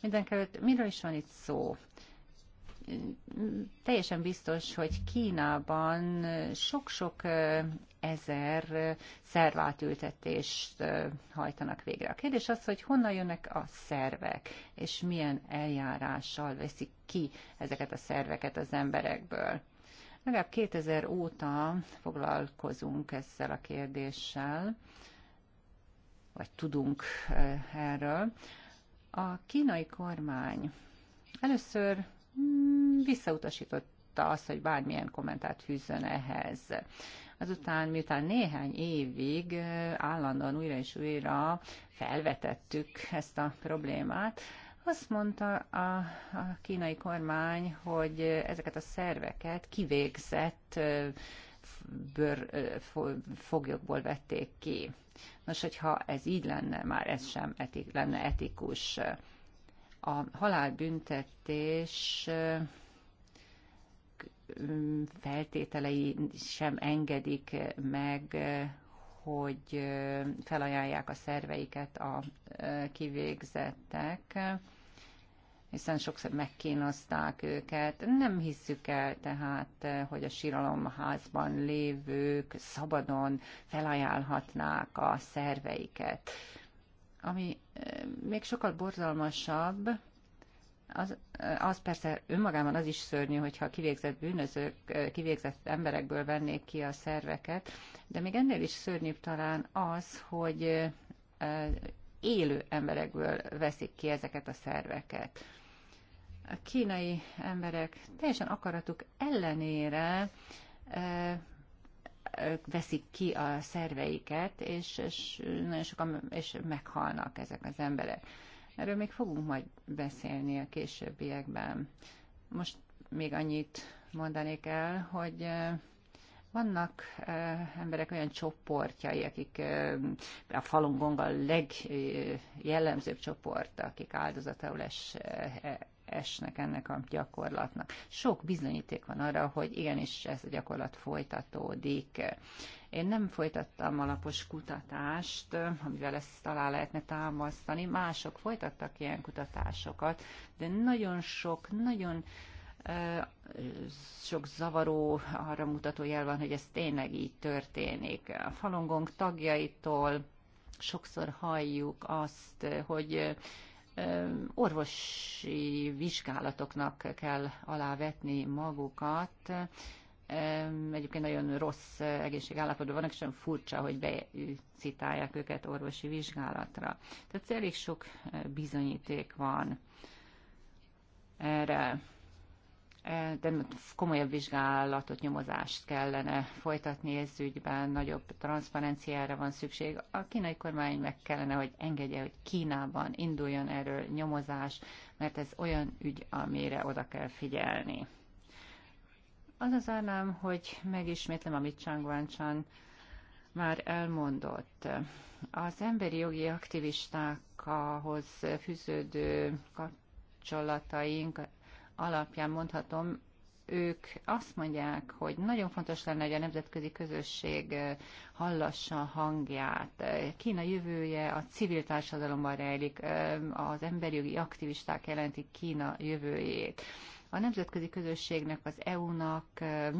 Mindenkelőtt miről is van itt szó? Teljesen biztos, hogy Kínában sok-sok ezer szervátültetést hajtanak végre. A kérdés az, hogy honnan jönnek a szervek, és milyen eljárással veszik ki ezeket a szerveket az emberekből. Legalább 2000 óta foglalkozunk ezzel a kérdéssel, vagy tudunk erről. A kínai kormány először mm, visszautasította azt, hogy bármilyen kommentát fűzzön ehhez. Azután, miután néhány évig állandóan újra és újra felvetettük ezt a problémát, azt mondta a, a kínai kormány, hogy ezeket a szerveket kivégzett bőr, foglyokból vették ki. Nos, hogyha ez így lenne, már ez sem etik, lenne etikus. A halálbüntetés feltételei sem engedik meg, hogy felajánlják a szerveiket a kivégzettek hiszen sokszor megkínozták őket. Nem hiszük el tehát, hogy a síralomházban lévők szabadon felajánlhatnák a szerveiket. Ami eh, még sokkal borzalmasabb, az, eh, az persze önmagában az is szörnyű, hogyha kivégzett bűnözők, eh, kivégzett emberekből vennék ki a szerveket, de még ennél is szörnyűbb talán az, hogy élő emberekből veszik ki ezeket a szerveket a kínai emberek teljesen akaratuk ellenére e, e, veszik ki a szerveiket, és, és nagyon sokan és meghalnak ezek az emberek. Erről még fogunk majd beszélni a későbbiekben. Most még annyit mondanék el, hogy e, vannak emberek olyan csoportjai, akik a Falun a legjellemzőbb csoport, akik áldozataul esnek ennek a gyakorlatnak. Sok bizonyíték van arra, hogy igenis ez a gyakorlat folytatódik. Én nem folytattam alapos kutatást, amivel ezt alá lehetne támasztani. Mások folytattak ilyen kutatásokat, de nagyon sok, nagyon sok zavaró, arra mutató jel van, hogy ez tényleg így történik. A falongong tagjaitól sokszor halljuk azt, hogy orvosi vizsgálatoknak kell alávetni magukat. Egyébként nagyon rossz egészségállapotban vannak, és olyan furcsa, hogy becitálják őket orvosi vizsgálatra. Tehát elég sok bizonyíték van erre. E, de komolyabb vizsgálatot, nyomozást kellene folytatni ez ügyben, nagyobb transzparenciára van szükség. A kínai kormány meg kellene, hogy engedje, hogy Kínában induljon erről nyomozás, mert ez olyan ügy, amire oda kell figyelni. Az az állám, hogy megismétlem, amit Chang Wanchan már elmondott. Az emberi jogi aktivistákhoz fűződő kapcsolataink alapján mondhatom, ők azt mondják, hogy nagyon fontos lenne, hogy a nemzetközi közösség hallassa a hangját. Kína jövője a civil társadalomban rejlik, az emberi jogi aktivisták jelentik Kína jövőjét. A nemzetközi közösségnek, az EU-nak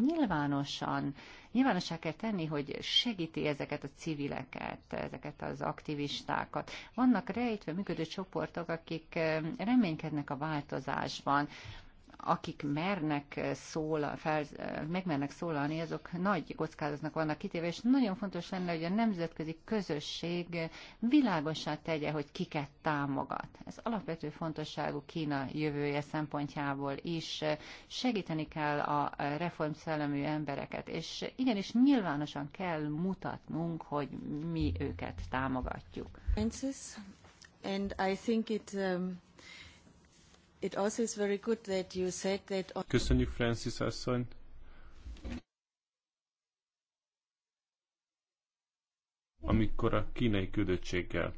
nyilvánosan, nyilvánossá kell tenni, hogy segíti ezeket a civileket, ezeket az aktivistákat. Vannak rejtve működő csoportok, akik reménykednek a változásban akik mernek szól, fel, megmernek szólalni, azok nagy kockázatnak vannak kitéve, és nagyon fontos lenne, hogy a nemzetközi közösség világosá tegye, hogy kiket támogat. Ez alapvető fontosságú Kína jövője szempontjából is. Segíteni kell a reform szellemű embereket, és igenis nyilvánosan kell mutatnunk, hogy mi őket támogatjuk. and I think it, um... Köszönjük, Francis asszony. Amikor a kínai küldöttséggel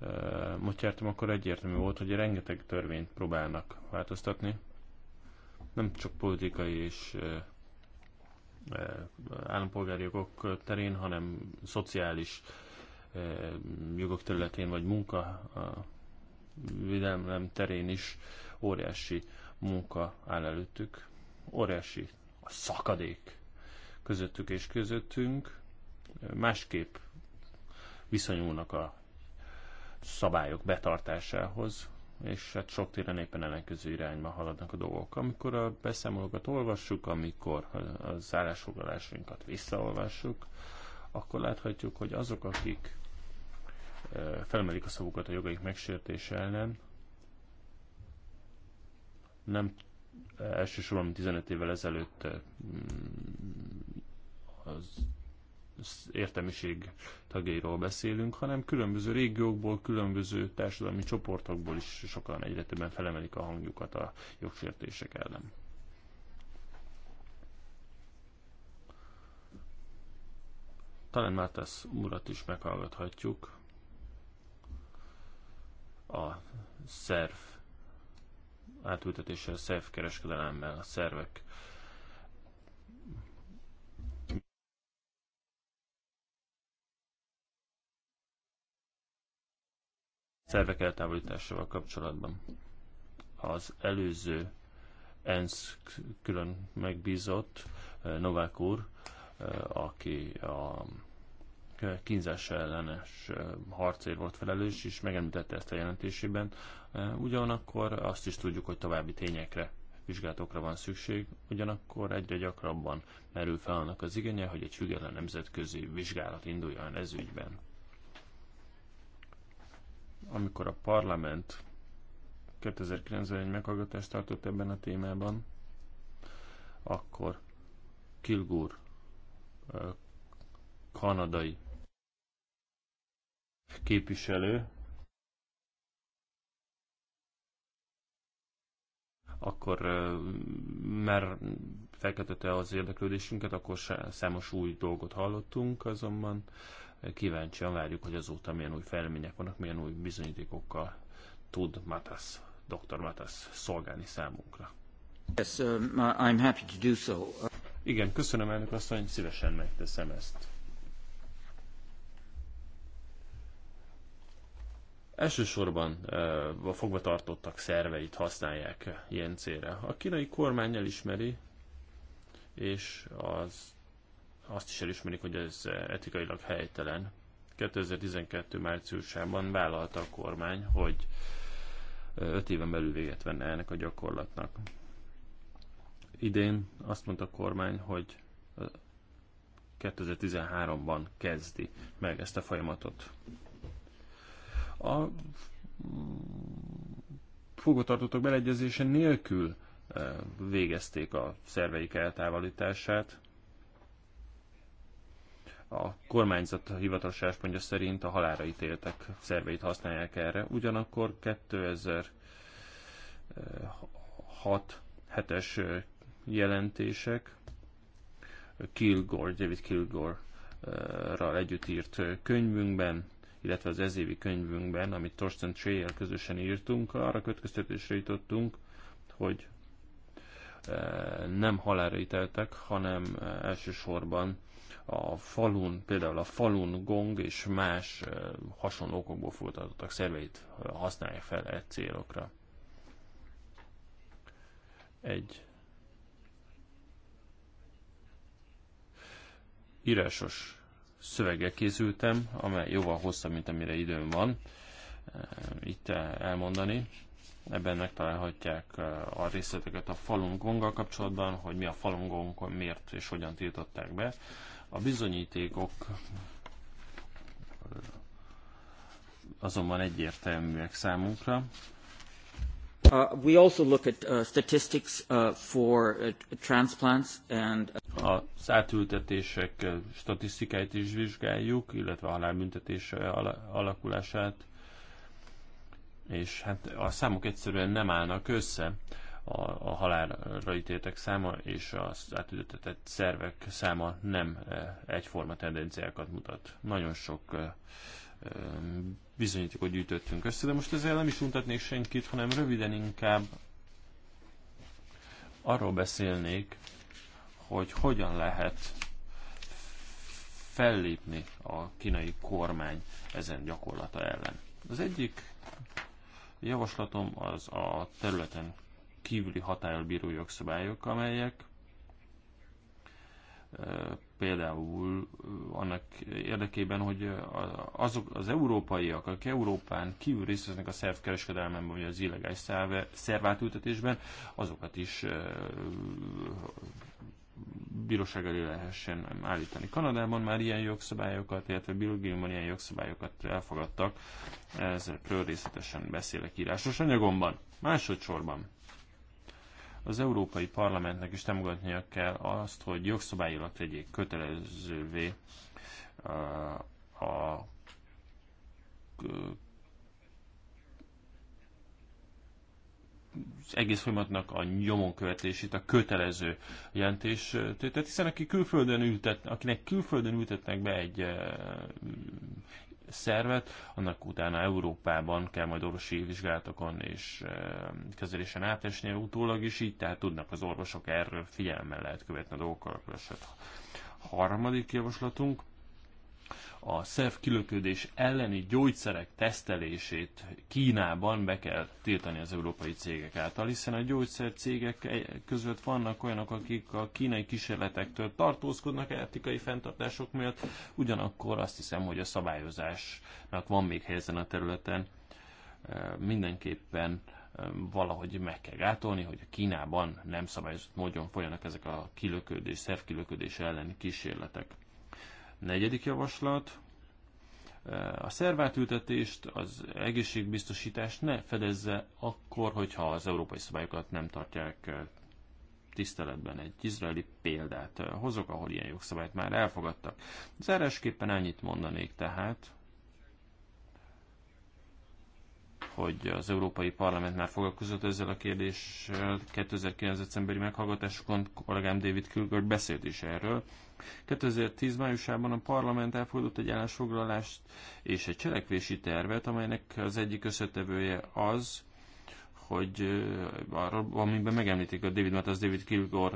uh, eh, motyártam, akkor egyértelmű volt, hogy rengeteg törvényt próbálnak változtatni. Nem csak politikai és uh, állampolgári jogok terén, hanem szociális jogok területén, vagy munka védelem terén is óriási munka áll előttük. Óriási a szakadék közöttük és közöttünk. Másképp viszonyulnak a szabályok betartásához, és hát sok téren éppen ellenkező irányba haladnak a dolgok. Amikor a beszámolókat olvassuk, amikor az állásfoglalásainkat visszaolvassuk, akkor láthatjuk, hogy azok, akik felmelik a szavukat a jogaik megsértése ellen. Nem eh, elsősorban 15 évvel ezelőtt eh, mm, az értelmiség tagjairól beszélünk, hanem különböző régiókból, különböző társadalmi csoportokból is sokan egyre többen felemelik a hangjukat a jogsértések ellen. Talán Mártász urat is meghallgathatjuk a szerv átültetéssel, a szerv kereskedelemmel, a szervek szervek eltávolításával kapcsolatban. Az előző ENSZ külön megbízott eh, Novák úr, eh, aki a kínzás ellenes harcért volt felelős, és megemlítette ezt a jelentésében. Ugyanakkor azt is tudjuk, hogy további tényekre, vizsgálatokra van szükség, ugyanakkor egyre gyakrabban merül fel annak az igénye, hogy egy független nemzetközi vizsgálat induljon ez ügyben. Amikor a parlament 2009-ben meghallgatást tartott ebben a témában, akkor Kilgúr kanadai képviselő, akkor már felkeltette az érdeklődésünket, akkor számos új dolgot hallottunk, azonban kíváncsian várjuk, hogy azóta milyen új fejlemények vannak, milyen új bizonyítékokkal tud Matas, dr. Matas szolgálni számunkra. Yes, uh, I'm happy to do so. Igen, köszönöm elnök hogy szívesen megteszem ezt. Elsősorban eh, a fogvatartottak szerveit használják eh, ilyen célra. A kínai kormány elismeri, és az, azt is elismerik, hogy ez eh, etikailag helytelen. 2012. márciusában vállalta a kormány, hogy 5 éven belül véget venne ennek a gyakorlatnak. Idén azt mondta a kormány, hogy 2013-ban kezdi meg ezt a folyamatot a fogvatartottak beleegyezése nélkül eh, végezték a szerveik eltávolítását. A kormányzat hivatalos álláspontja szerint a halára ítéltek szerveit használják erre, ugyanakkor 2006 eh, hetes eh, jelentések Kilgore, David kilgore együtt írt könyvünkben illetve az ezévi könyvünkben, amit Torsten Tréjel közösen írtunk, arra kötköztetésre jutottunk, hogy e, nem halára ítéltek, hanem e, elsősorban a falun, például a falun gong és más e, hasonló okokból folytatottak szerveit használják fel egy célokra. Egy írásos szöveggel készültem, amely jóval hosszabb, mint amire időm van eh, itt elmondani. Ebben megtalálhatják eh, a részleteket a Falun Gonggal kapcsolatban, hogy mi a Falun Gong, miért és hogyan tiltották be. A bizonyítékok eh, azonban egyértelműek számunkra. Uh, we also look at uh, statistics uh, for transplants and az átültetések statisztikáit is vizsgáljuk, illetve a halálbüntetés alakulását, és hát a számok egyszerűen nem állnak össze a, a halálra ítéltek száma és az átültetett szervek száma nem egyforma tendenciákat mutat. Nagyon sok bizonyítékot gyűjtöttünk össze, de most ezzel nem is untatnék senkit, hanem röviden inkább arról beszélnék, hogy hogyan lehet fellépni a kínai kormány ezen gyakorlata ellen. Az egyik javaslatom az a területen kívüli bíró jogszabályok, amelyek például annak érdekében, hogy azok az európaiak, akik Európán kívül részt vesznek a szervkereskedelmen, vagy az illegális szervátültetésben, azokat is bíróság elé lehessen állítani. Kanadában már ilyen jogszabályokat, illetve Belgiumban ilyen jogszabályokat elfogadtak, Ezzel részletesen beszélek írásos anyagomban. Másodszorban az Európai Parlamentnek is támogatnia kell azt, hogy jogszabályilag tegyék kötelezővé uh, a az egész folyamatnak a nyomon követését, a kötelező jelentés. Tehát hiszen aki külföldön ültet, akinek külföldön ültetnek be egy uh, szervet, annak utána Európában kell majd orvosi vizsgálatokon és kezelésen átesni utólag is így, tehát tudnak az orvosok erről figyelemmel lehet követni a dolgokat. Hát harmadik javaslatunk, a szerv kilöködés elleni gyógyszerek tesztelését Kínában be kell tiltani az európai cégek által, hiszen a gyógyszercégek e- között vannak olyanok, akik a kínai kísérletektől tartózkodnak etikai fenntartások miatt, ugyanakkor azt hiszem, hogy a szabályozásnak van még ezen a területen e, mindenképpen e, valahogy meg kell gátolni, hogy a Kínában nem szabályozott módon folyanak ezek a kilöködés, szervkilöködés elleni kísérletek. Negyedik javaslat, e, a szervátültetést az egészségbiztosítás ne fedezze akkor, hogyha az európai szabályokat nem tartják e, tiszteletben. Egy izraeli példát e, hozok, ahol ilyen jogszabályt már elfogadtak. Zárásképpen ennyit mondanék tehát, hogy az Európai Parlament már foglalkozott ezzel a kérdéssel. 2009. decemberi meghallgatásokon kollégám David Kilgore beszélt is erről. 2010 májusában a parlament elfogadott egy állásfoglalást és egy cselekvési tervet, amelynek az egyik összetevője az, hogy arra, amiben megemlítik a David Matas David Kilgor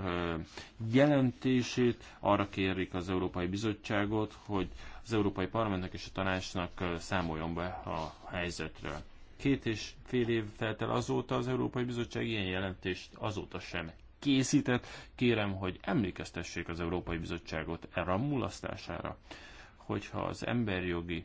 jelentését, arra kérik az Európai Bizottságot, hogy az Európai Parlamentnek és a Tanácsnak számoljon be a helyzetről. Két és fél év telt el azóta, az Európai Bizottság ilyen jelentést azóta sem készített. Kérem, hogy emlékeztessék az Európai Bizottságot erre a mulasztására, hogyha az emberjogi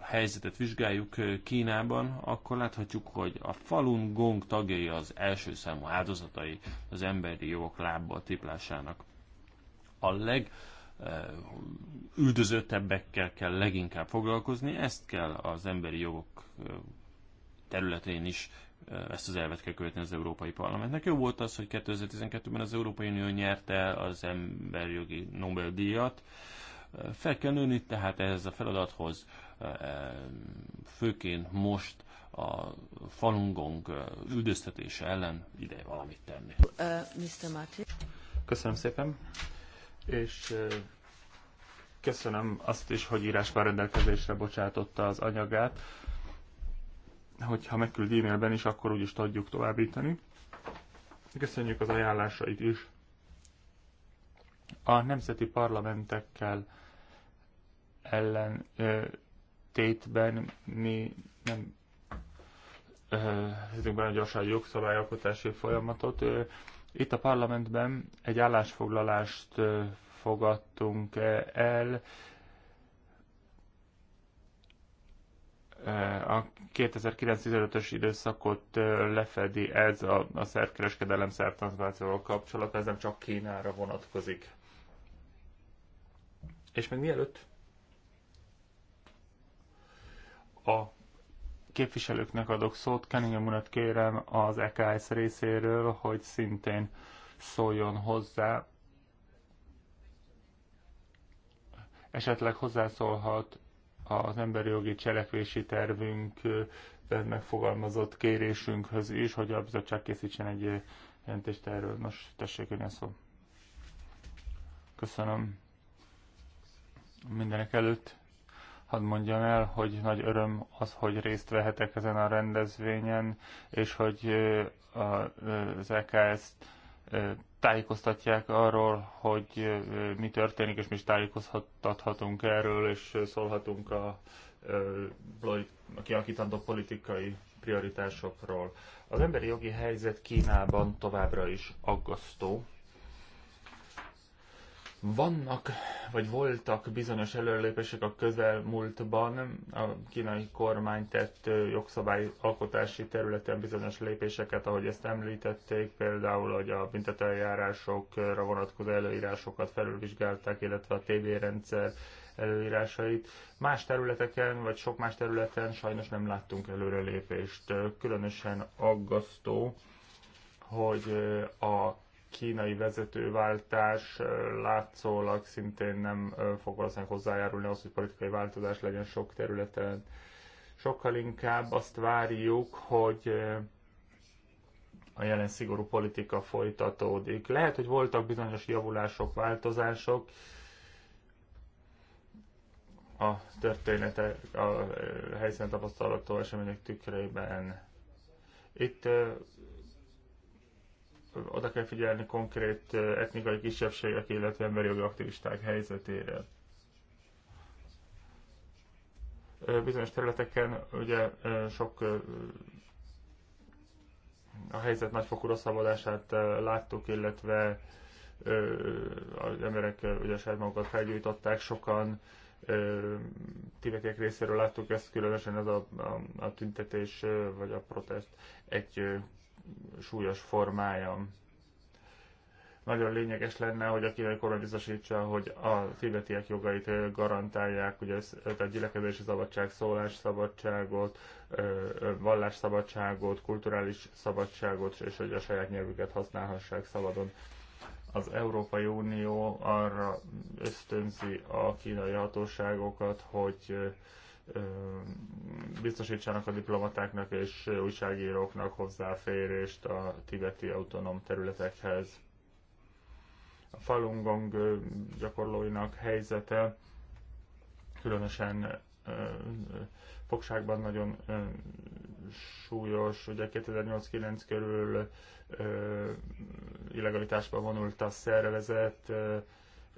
helyzetet vizsgáljuk Kínában, akkor láthatjuk, hogy a Falun Gong tagjai az első számú áldozatai az emberi jogok lábba tiplásának. A leg üldözöttebbekkel kell leginkább foglalkozni, ezt kell az emberi jogok területén is ezt az elvet kell követni az Európai Parlamentnek. Jó volt az, hogy 2012-ben az Európai Unió nyerte az emberjogi Nobel-díjat. Fel kell nőni tehát ehhez a feladathoz, főként most a falungong üldöztetése ellen ide valamit tenni. Mr. Martin. Köszönöm szépen, és köszönöm azt is, hogy írásban rendelkezésre bocsátotta az anyagát hogyha megküld e-mailben is, akkor úgyis tudjuk továbbítani. Köszönjük az ajánlásait is. A nemzeti parlamentekkel ellen ö, tétben mi nem hiszünk benne gyorsan jogszabályalkotási folyamatot. Ö, itt a parlamentben egy állásfoglalást ö, fogadtunk el, a 2009-15-ös időszakot lefedi ez a, a szervkereskedelem szervtranszpációval kapcsolat, ez nem csak Kínára vonatkozik. És még mielőtt a képviselőknek adok szót, Kenningham unat kérem az EKS részéről, hogy szintén szóljon hozzá. Esetleg hozzászólhat az emberi jogi cselekvési tervünk megfogalmazott kérésünkhöz is, hogy a bizottság készítsen egy jelentést erről. Nos, tessék, hogy szó. Köszönöm mindenek előtt. Hadd mondjam el, hogy nagy öröm az, hogy részt vehetek ezen a rendezvényen, és hogy az EKS-t tájékoztatják arról, hogy mi történik, és mi is tájékoztathatunk erről, és szólhatunk a, a kialakítandó politikai prioritásokról. Az emberi jogi helyzet Kínában továbbra is aggasztó. Vannak, vagy voltak bizonyos előrelépések a közelmúltban, a kínai kormány tett jogszabályalkotási területen bizonyos lépéseket, ahogy ezt említették, például, hogy a büntetőjárásokra vonatkozó előírásokat felülvizsgálták, illetve a TV rendszer előírásait. Más területeken, vagy sok más területen sajnos nem láttunk előrelépést. Különösen aggasztó, hogy a kínai vezetőváltás látszólag szintén nem fog valószínűleg hozzájárulni ahhoz, hogy politikai változás legyen sok területen. Sokkal inkább azt várjuk, hogy a jelen szigorú politika folytatódik. Lehet, hogy voltak bizonyos javulások, változások a története, a helyszínen tapasztalató események tükrében. Itt oda kell figyelni konkrét etnikai kisebbségek, illetve emberi jogi aktivisták helyzetére. Bizonyos területeken ugye sok a helyzet nagyfokú rosszabbodását láttuk, illetve az emberek ugye saját magukat felgyújtották sokan, tibetiek részéről láttuk ezt, különösen ez a, a, a tüntetés vagy a protest egy súlyos formája. Nagyon lényeges lenne, hogy a kínai kormány biztosítsa, hogy a tibetiek jogait garantálják, ugye a gyülekezési szabadság, szólásszabadságot, vallásszabadságot, kulturális szabadságot, és hogy a saját nyelvüket használhassák szabadon az Európai Unió arra ösztönzi a kínai hatóságokat, hogy biztosítsanak a diplomatáknak és újságíróknak hozzáférést a tibeti autonóm területekhez. A Falun Gong gyakorlóinak helyzete különösen fogságban nagyon súlyos, ugye 2008-9 körül illegalitásba vonult a szervezet,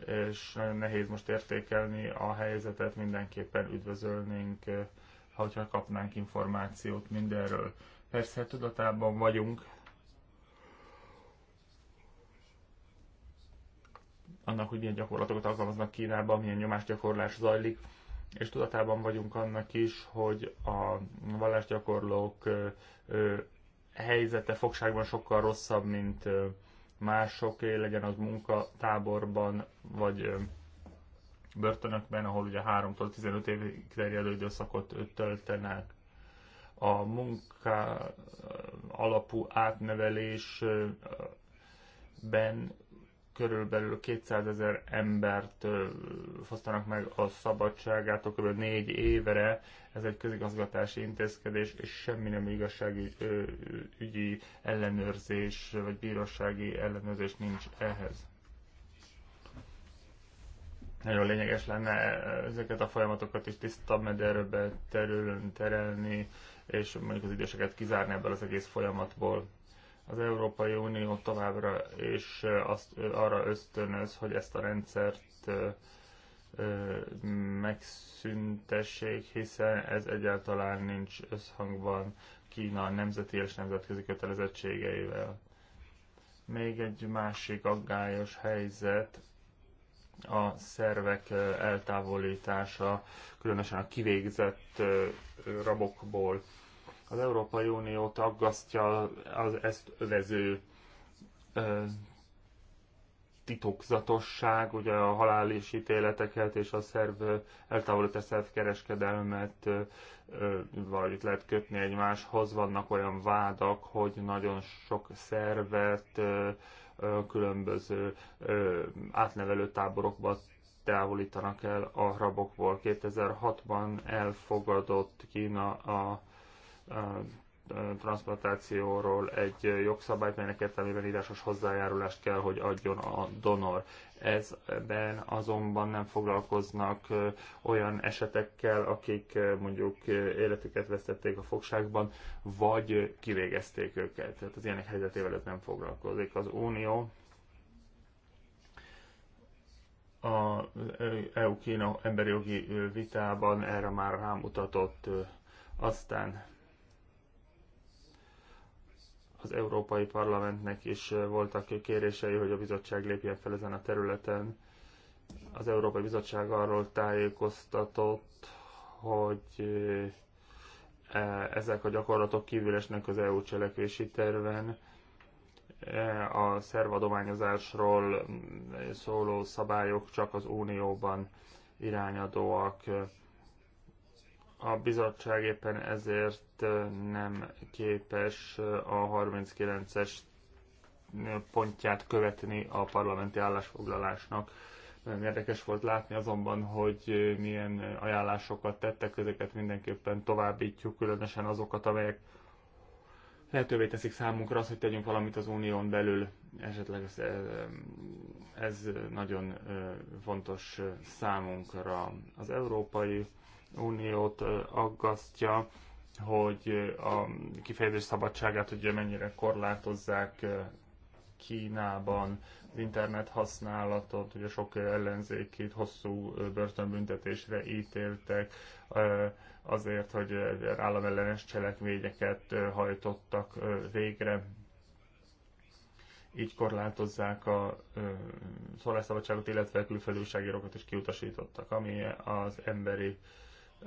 és nagyon nehéz most értékelni a helyzetet, mindenképpen üdvözölnénk, eh, ha kapnánk információt mindenről. Persze hát tudatában vagyunk annak, hogy milyen gyakorlatokat alkalmaznak Kínában, milyen nyomásgyakorlás zajlik, és tudatában vagyunk annak is, hogy a vallásgyakorlók eh, eh, helyzete fogságban sokkal rosszabb, mint másoké, eh, legyen az munkatáborban, vagy eh, börtönökben, ahol ugye 3-tól 15 évig terjedő időszakot eh, töltenek. A munka alapú átnevelésben körülbelül 200 ezer embert fosztanak meg a szabadságát, kb. négy évre. Ez egy közigazgatási intézkedés, és semmi nem ügyi ellenőrzés, vagy bírósági ellenőrzés nincs ehhez. Nagyon lényeges lenne ezeket a folyamatokat is tisztabb mederbe terülön terelni, és mondjuk az időseket kizárni ebből az egész folyamatból az Európai Unió továbbra és azt, arra ösztönöz, hogy ezt a rendszert megszüntessék, hiszen ez egyáltalán nincs összhangban Kína nemzeti és nemzetközi kötelezettségeivel. Még egy másik aggályos helyzet a szervek eltávolítása, különösen a kivégzett rabokból az Európai Uniót aggasztja az ezt övező ö, titokzatosság, ugye a halális ítéleteket és a szerv eltávolítás szervkereskedelmet valahogy lehet kötni egymáshoz. Vannak olyan vádak, hogy nagyon sok szervet ö, ö, különböző ö, átnevelő táborokba távolítanak el a rabokból. 2006-ban elfogadott Kína a transplantációról egy jogszabályt, melynek értelmében írásos hozzájárulást kell, hogy adjon a donor. Ezben azonban nem foglalkoznak olyan esetekkel, akik mondjuk életüket vesztették a fogságban, vagy kivégezték őket. Tehát az ilyenek helyzetével ez nem foglalkozik. Az Unió a EU-Kína emberi jogi vitában erre már rámutatott aztán az Európai Parlamentnek is voltak kérései, hogy a bizottság lépjen fel ezen a területen. Az Európai Bizottság arról tájékoztatott, hogy e, ezek a gyakorlatok kívül esnek az EU cselekvési terven. E, a szervadományozásról mm, szóló szabályok csak az Unióban irányadóak a bizottság éppen ezért nem képes a 39-es pontját követni a parlamenti állásfoglalásnak. Nagyon érdekes volt látni azonban, hogy milyen ajánlásokat tettek, ezeket mindenképpen továbbítjuk, különösen azokat, amelyek lehetővé teszik számunkra azt, hogy tegyünk valamit az unión belül. Esetleg ez, ez nagyon fontos számunkra. Az európai Uniót aggasztja, hogy a kifejezés szabadságát ugye mennyire korlátozzák Kínában, az internet használatot, ugye sok ellenzékét hosszú börtönbüntetésre ítéltek, azért, hogy államellenes cselekményeket hajtottak végre. Így korlátozzák a szólásszabadságot, illetve újságírókat is kiutasítottak, ami az emberi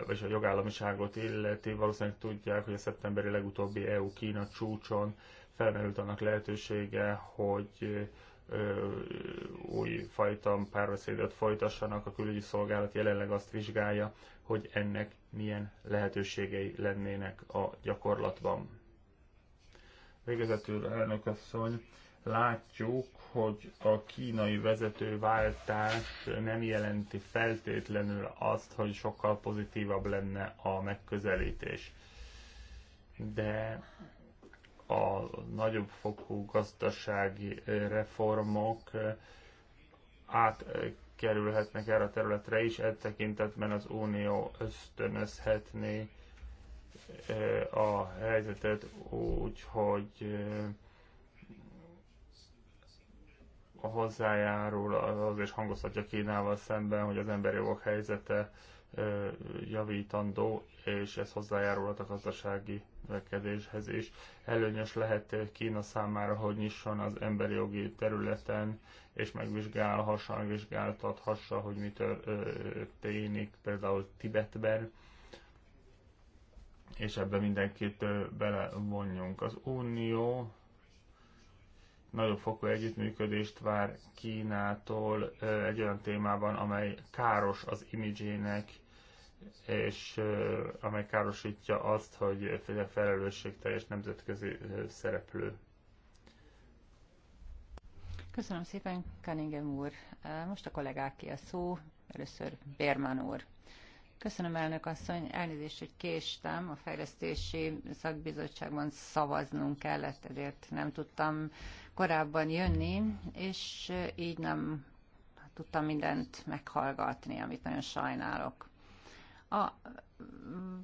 vagyis a jogállamiságot illeti, valószínűleg tudják, hogy a szeptemberi legutóbbi EU-Kína csúcson felmerült annak lehetősége, hogy új fajta párbeszédet folytassanak. A külügyi szolgálat jelenleg azt vizsgálja, hogy ennek milyen lehetőségei lennének a gyakorlatban. Végezetül elnök asszony, látjuk, hogy a kínai vezetőváltás nem jelenti feltétlenül azt, hogy sokkal pozitívabb lenne a megközelítés. De a nagyobb fokú gazdasági reformok átkerülhetnek erre a területre is, e tekintetben az Unió ösztönözhetné e, a helyzetet úgy, hogy hozzájárul az és hangoztatja Kínával szemben, hogy az emberi jogok helyzete javítandó, és ez hozzájárulhat a gazdasági növekedéshez is. Előnyös lehet Kína számára, hogy nyisson az emberi jogi területen, és megvizsgálhassa, megvizsgáltathassa, hogy mi történik például Tibetben, és ebbe mindenkit belevonjunk. Az Unió nagyobb fokú együttműködést vár Kínától egy olyan témában, amely káros az imidzsének, és amely károsítja azt, hogy felelősségteljes nemzetközi szereplő. Köszönöm szépen, Cunningham úr. Most a kollégáké a szó, először Bérman úr. Köszönöm, elnök asszony. Elnézést, hogy késtem. A fejlesztési szakbizottságban szavaznunk kellett, ezért nem tudtam korábban jönni, és így nem tudtam mindent meghallgatni, amit nagyon sajnálok. A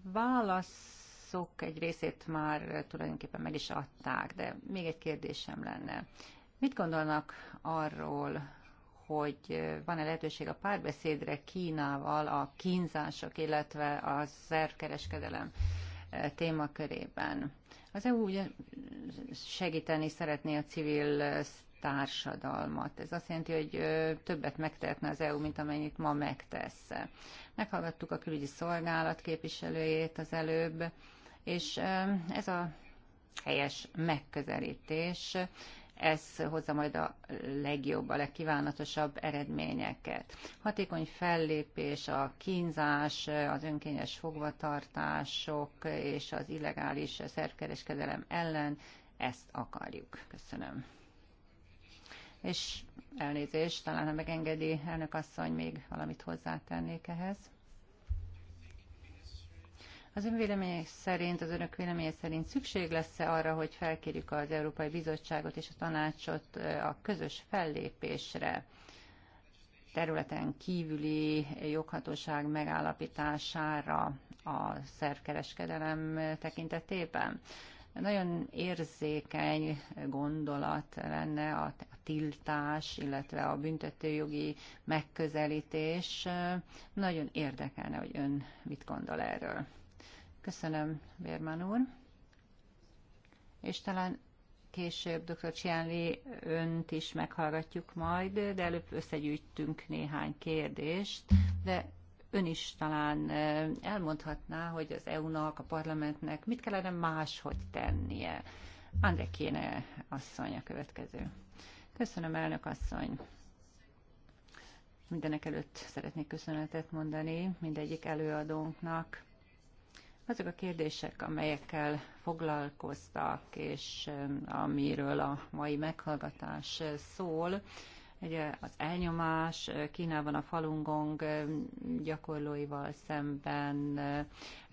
válaszok egy részét már tulajdonképpen meg is adták, de még egy kérdésem lenne. Mit gondolnak arról, hogy van-e lehetőség a párbeszédre Kínával a kínzások, illetve a szerkereskedelem témakörében. Az EU ugye segíteni szeretné a civil társadalmat. Ez azt jelenti, hogy többet megtehetne az EU, mint amennyit ma megtesz. Meghallgattuk a külügyi szolgálat képviselőjét az előbb, és ez a helyes megközelítés ez hozza majd a legjobb, a legkívánatosabb eredményeket. Hatékony fellépés, a kínzás, az önkényes fogvatartások és az illegális szerkereskedelem ellen ezt akarjuk. Köszönöm. És elnézést, talán ha megengedi elnök asszony, még valamit hozzátennék ehhez. Az ön véleménye szerint, az önök véleménye szerint szükség lesz-e arra, hogy felkérjük az Európai Bizottságot és a tanácsot a közös fellépésre? területen kívüli joghatóság megállapítására a szervkereskedelem tekintetében. Nagyon érzékeny gondolat lenne a tiltás, illetve a büntetőjogi megközelítés. Nagyon érdekelne, hogy ön mit gondol erről. Köszönöm, Bérman úr. És talán később dr. Csiánli önt is meghallgatjuk majd, de előbb összegyűjtünk néhány kérdést, de ön is talán elmondhatná, hogy az EU-nak, a parlamentnek mit kellene máshogy tennie. André Kéne asszony a következő. Köszönöm, elnök asszony. Mindenek előtt szeretnék köszönetet mondani mindegyik előadónknak azok a kérdések, amelyekkel foglalkoztak, és amiről a mai meghallgatás eh, szól, Ugye az elnyomás Kínában a falungong gyakorlóival szemben,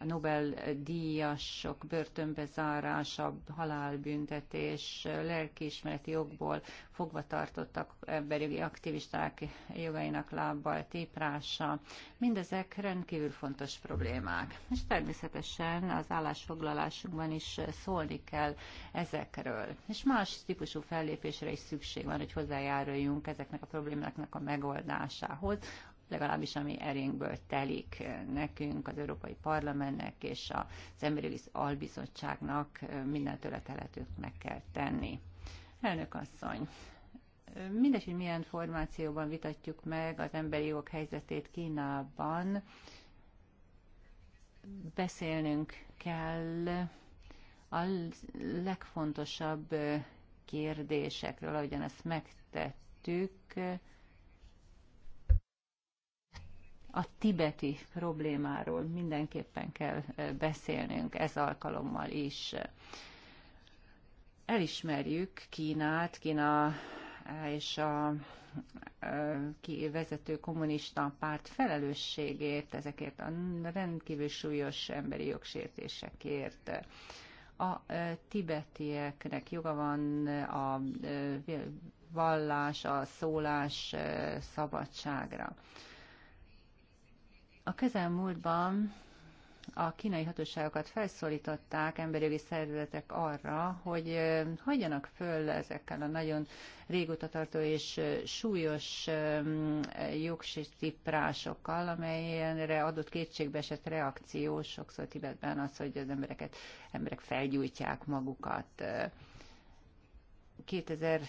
a Nobel-díjasok börtönbezárása, halálbüntetés, lelkiismereti jogból fogva tartottak emberi aktivisták jogainak lábbal téprása, mindezek rendkívül fontos problémák. És természetesen az állásfoglalásunkban is szólni kell ezekről. És más típusú fellépésre is szükség van, hogy hozzájáruljunk ezeknek a problémáknak a megoldásához, legalábbis ami erénkből telik nekünk, az Európai Parlamentnek és az Emberi Albizottságnak minden tőle meg kell tenni. Elnök asszony, mindegy, hogy milyen formációban vitatjuk meg az emberi jogok helyzetét Kínában, beszélnünk kell a legfontosabb kérdésekről, ahogyan ezt megtett kezdtük a tibeti problémáról mindenképpen kell beszélnünk ez alkalommal is. Elismerjük Kínát, Kína és a vezető kommunista párt felelősségét ezekért a rendkívül súlyos emberi jogsértésekért. A e, tibetieknek joga van a e, vallás, a szólás szabadságra. A közelmúltban a kínai hatóságokat felszólították emberjogi szervezetek arra, hogy hagyjanak föl ezekkel a nagyon régóta tartó és súlyos jogsértiprásokkal, amelyenre adott kétségbeesett reakció sokszor Tibetben az, hogy az embereket, emberek felgyújtják magukat. 2000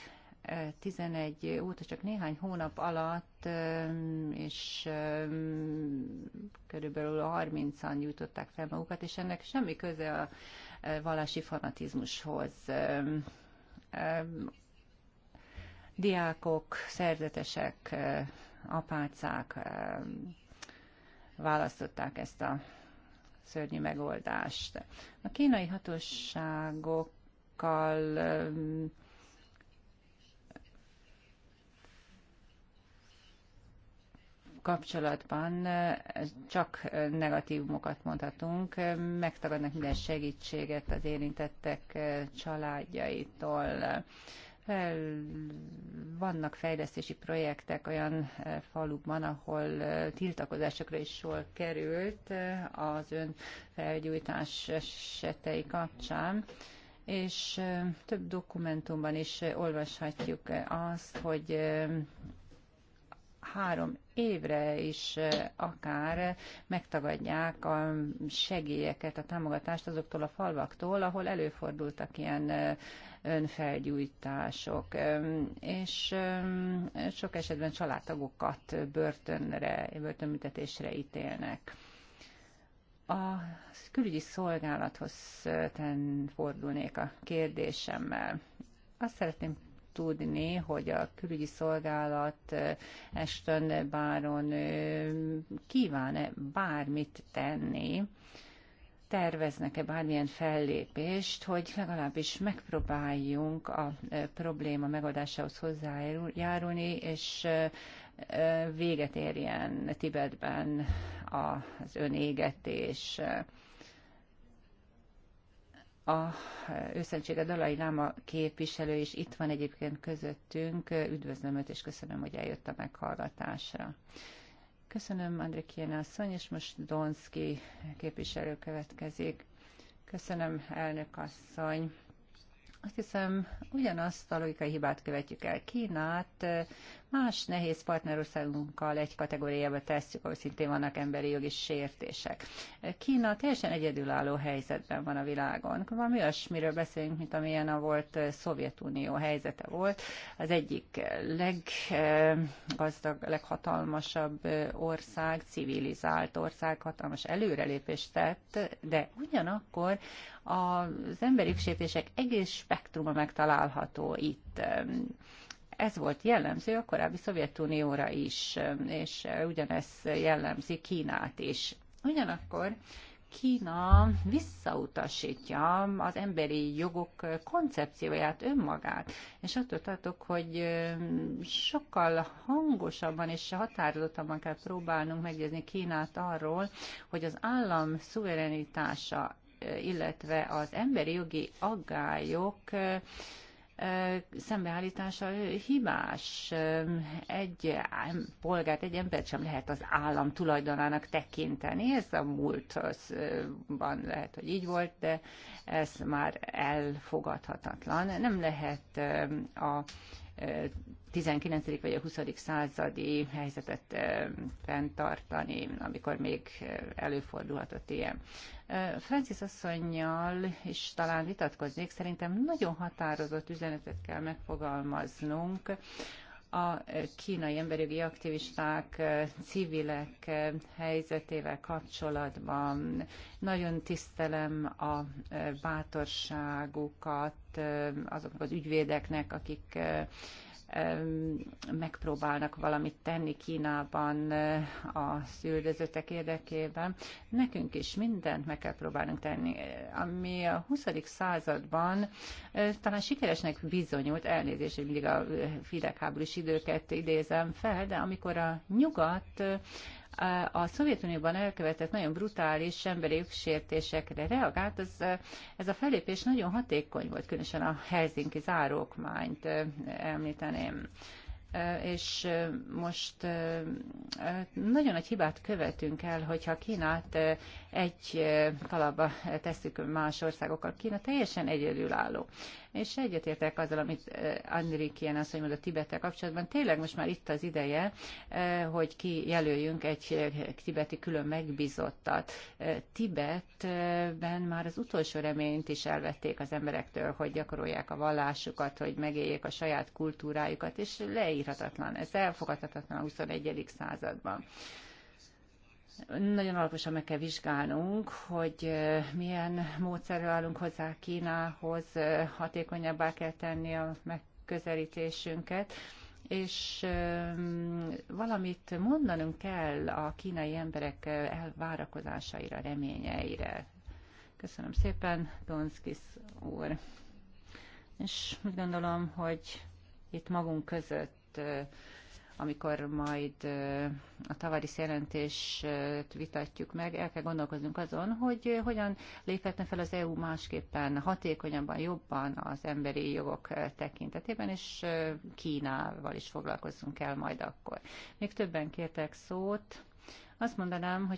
11 óta csak néhány hónap alatt, és körülbelül 30-an nyújtották fel magukat, és ennek semmi köze a vallási fanatizmushoz. Diákok, szerzetesek, apácák választották ezt a szörnyű megoldást. A kínai hatóságokkal kapcsolatban eh, csak negatívumokat mondhatunk, megtagadnak minden segítséget az érintettek eh, családjaitól. Vannak fejlesztési projektek olyan eh, falukban, ahol tiltakozásokra is sor került az ön felgyújtás esetei kapcsán és több dokumentumban is olvashatjuk azt, hogy három évre is akár megtagadják a segélyeket, a támogatást azoktól a falvaktól, ahol előfordultak ilyen önfelgyújtások, és sok esetben családtagokat börtönre, börtönbüntetésre ítélnek. A külügyi szolgálathoz fordulnék a kérdésemmel. Azt szeretném tudni, hogy a külügyi szolgálat Eston Báron kíván-e bármit tenni, terveznek-e bármilyen fellépést, hogy legalábbis megpróbáljunk a probléma megoldásához hozzájárulni, és véget érjen Tibetben az önégetés a eh, őszentsége Dalai Láma képviselő is itt van egyébként közöttünk. Üdvözlöm őt, és köszönöm, hogy eljött a meghallgatásra. Köszönöm, Andrikéna asszony, és most Donszki képviselő következik. Köszönöm, elnök asszony. Azt hiszem, ugyanazt a logikai hibát követjük el. Kínát eh, Más nehéz partnerországunkkal egy kategóriába tesszük, ahol szintén vannak emberi jogi sértések. Kína teljesen egyedülálló helyzetben van a világon. Van olyasmiről beszélünk, mint amilyen a volt eh, Szovjetunió helyzete volt. Az egyik leggazdag, leghatalmasabb eh, ország, civilizált ország, hatalmas előrelépést tett, de ugyanakkor az emberi sértések egész spektruma megtalálható itt ez volt jellemző a korábbi Szovjetunióra is, és ugyanez jellemzi Kínát is. Ugyanakkor Kína visszautasítja az emberi jogok koncepcióját, önmagát. És attól tartok, hogy sokkal hangosabban és határozottabban kell próbálnunk meggyőzni Kínát arról, hogy az állam szuverenitása, illetve az emberi jogi aggályok szembeállítása hibás. Egy polgárt, egy embert sem lehet az állam tulajdonának tekinteni. Ez a múltban lehet, hogy így volt, de ez már elfogadhatatlan. Nem lehet a 19. vagy a 20. századi helyzetet fenntartani, amikor még előfordulhatott ilyen. Francis asszonynal is talán vitatkoznék, szerintem nagyon határozott üzenetet kell megfogalmaznunk a kínai emberjogi aktivisták, eh, civilek eh, helyzetével kapcsolatban. Nagyon tisztelem a eh, bátorságukat azoknak az ügyvédeknek, akik megpróbálnak valamit tenni Kínában eh, a szüldözőtek érdekében. Nekünk is mindent meg kell próbálnunk tenni. Ami a 20. században eh, talán sikeresnek bizonyult, elnézést, hogy mindig a eh, hidegháborús időket idézem fel, de amikor a nyugat a Szovjetunióban elkövetett nagyon brutális emberi jogsértésekre reagált, az, ez a felépés nagyon hatékony volt, különösen a Helsinki zárókmányt említeném és most nagyon nagy hibát követünk el, hogyha Kínát egy talapba tesszük más országokkal. Kína teljesen egyedülálló. És egyetértek azzal, amit Andri Kien azt mondja, a Tibettel kapcsolatban. Tényleg most már itt az ideje, hogy kijelöljünk egy tibeti külön megbizottat. Tibetben már az utolsó reményt is elvették az emberektől, hogy gyakorolják a vallásukat, hogy megéljék a saját kultúrájukat, és leírhatatlan. Ez elfogadhatatlan a XXI. században. Nagyon alaposan meg kell vizsgálnunk, hogy milyen módszerrel állunk hozzá Kínához, hatékonyabbá kell tenni a megközelítésünket, és valamit mondanunk kell a kínai emberek elvárakozásaira, reményeire. Köszönöm szépen, Donskis úr. És úgy gondolom, hogy itt magunk között amikor majd a tavaris jelentést vitatjuk meg, el kell gondolkoznunk azon, hogy hogyan léphetne fel az EU másképpen, hatékonyabban, jobban az emberi jogok tekintetében, és Kínával is foglalkozzunk el majd akkor. Még többen kértek szót. Azt mondanám, hogy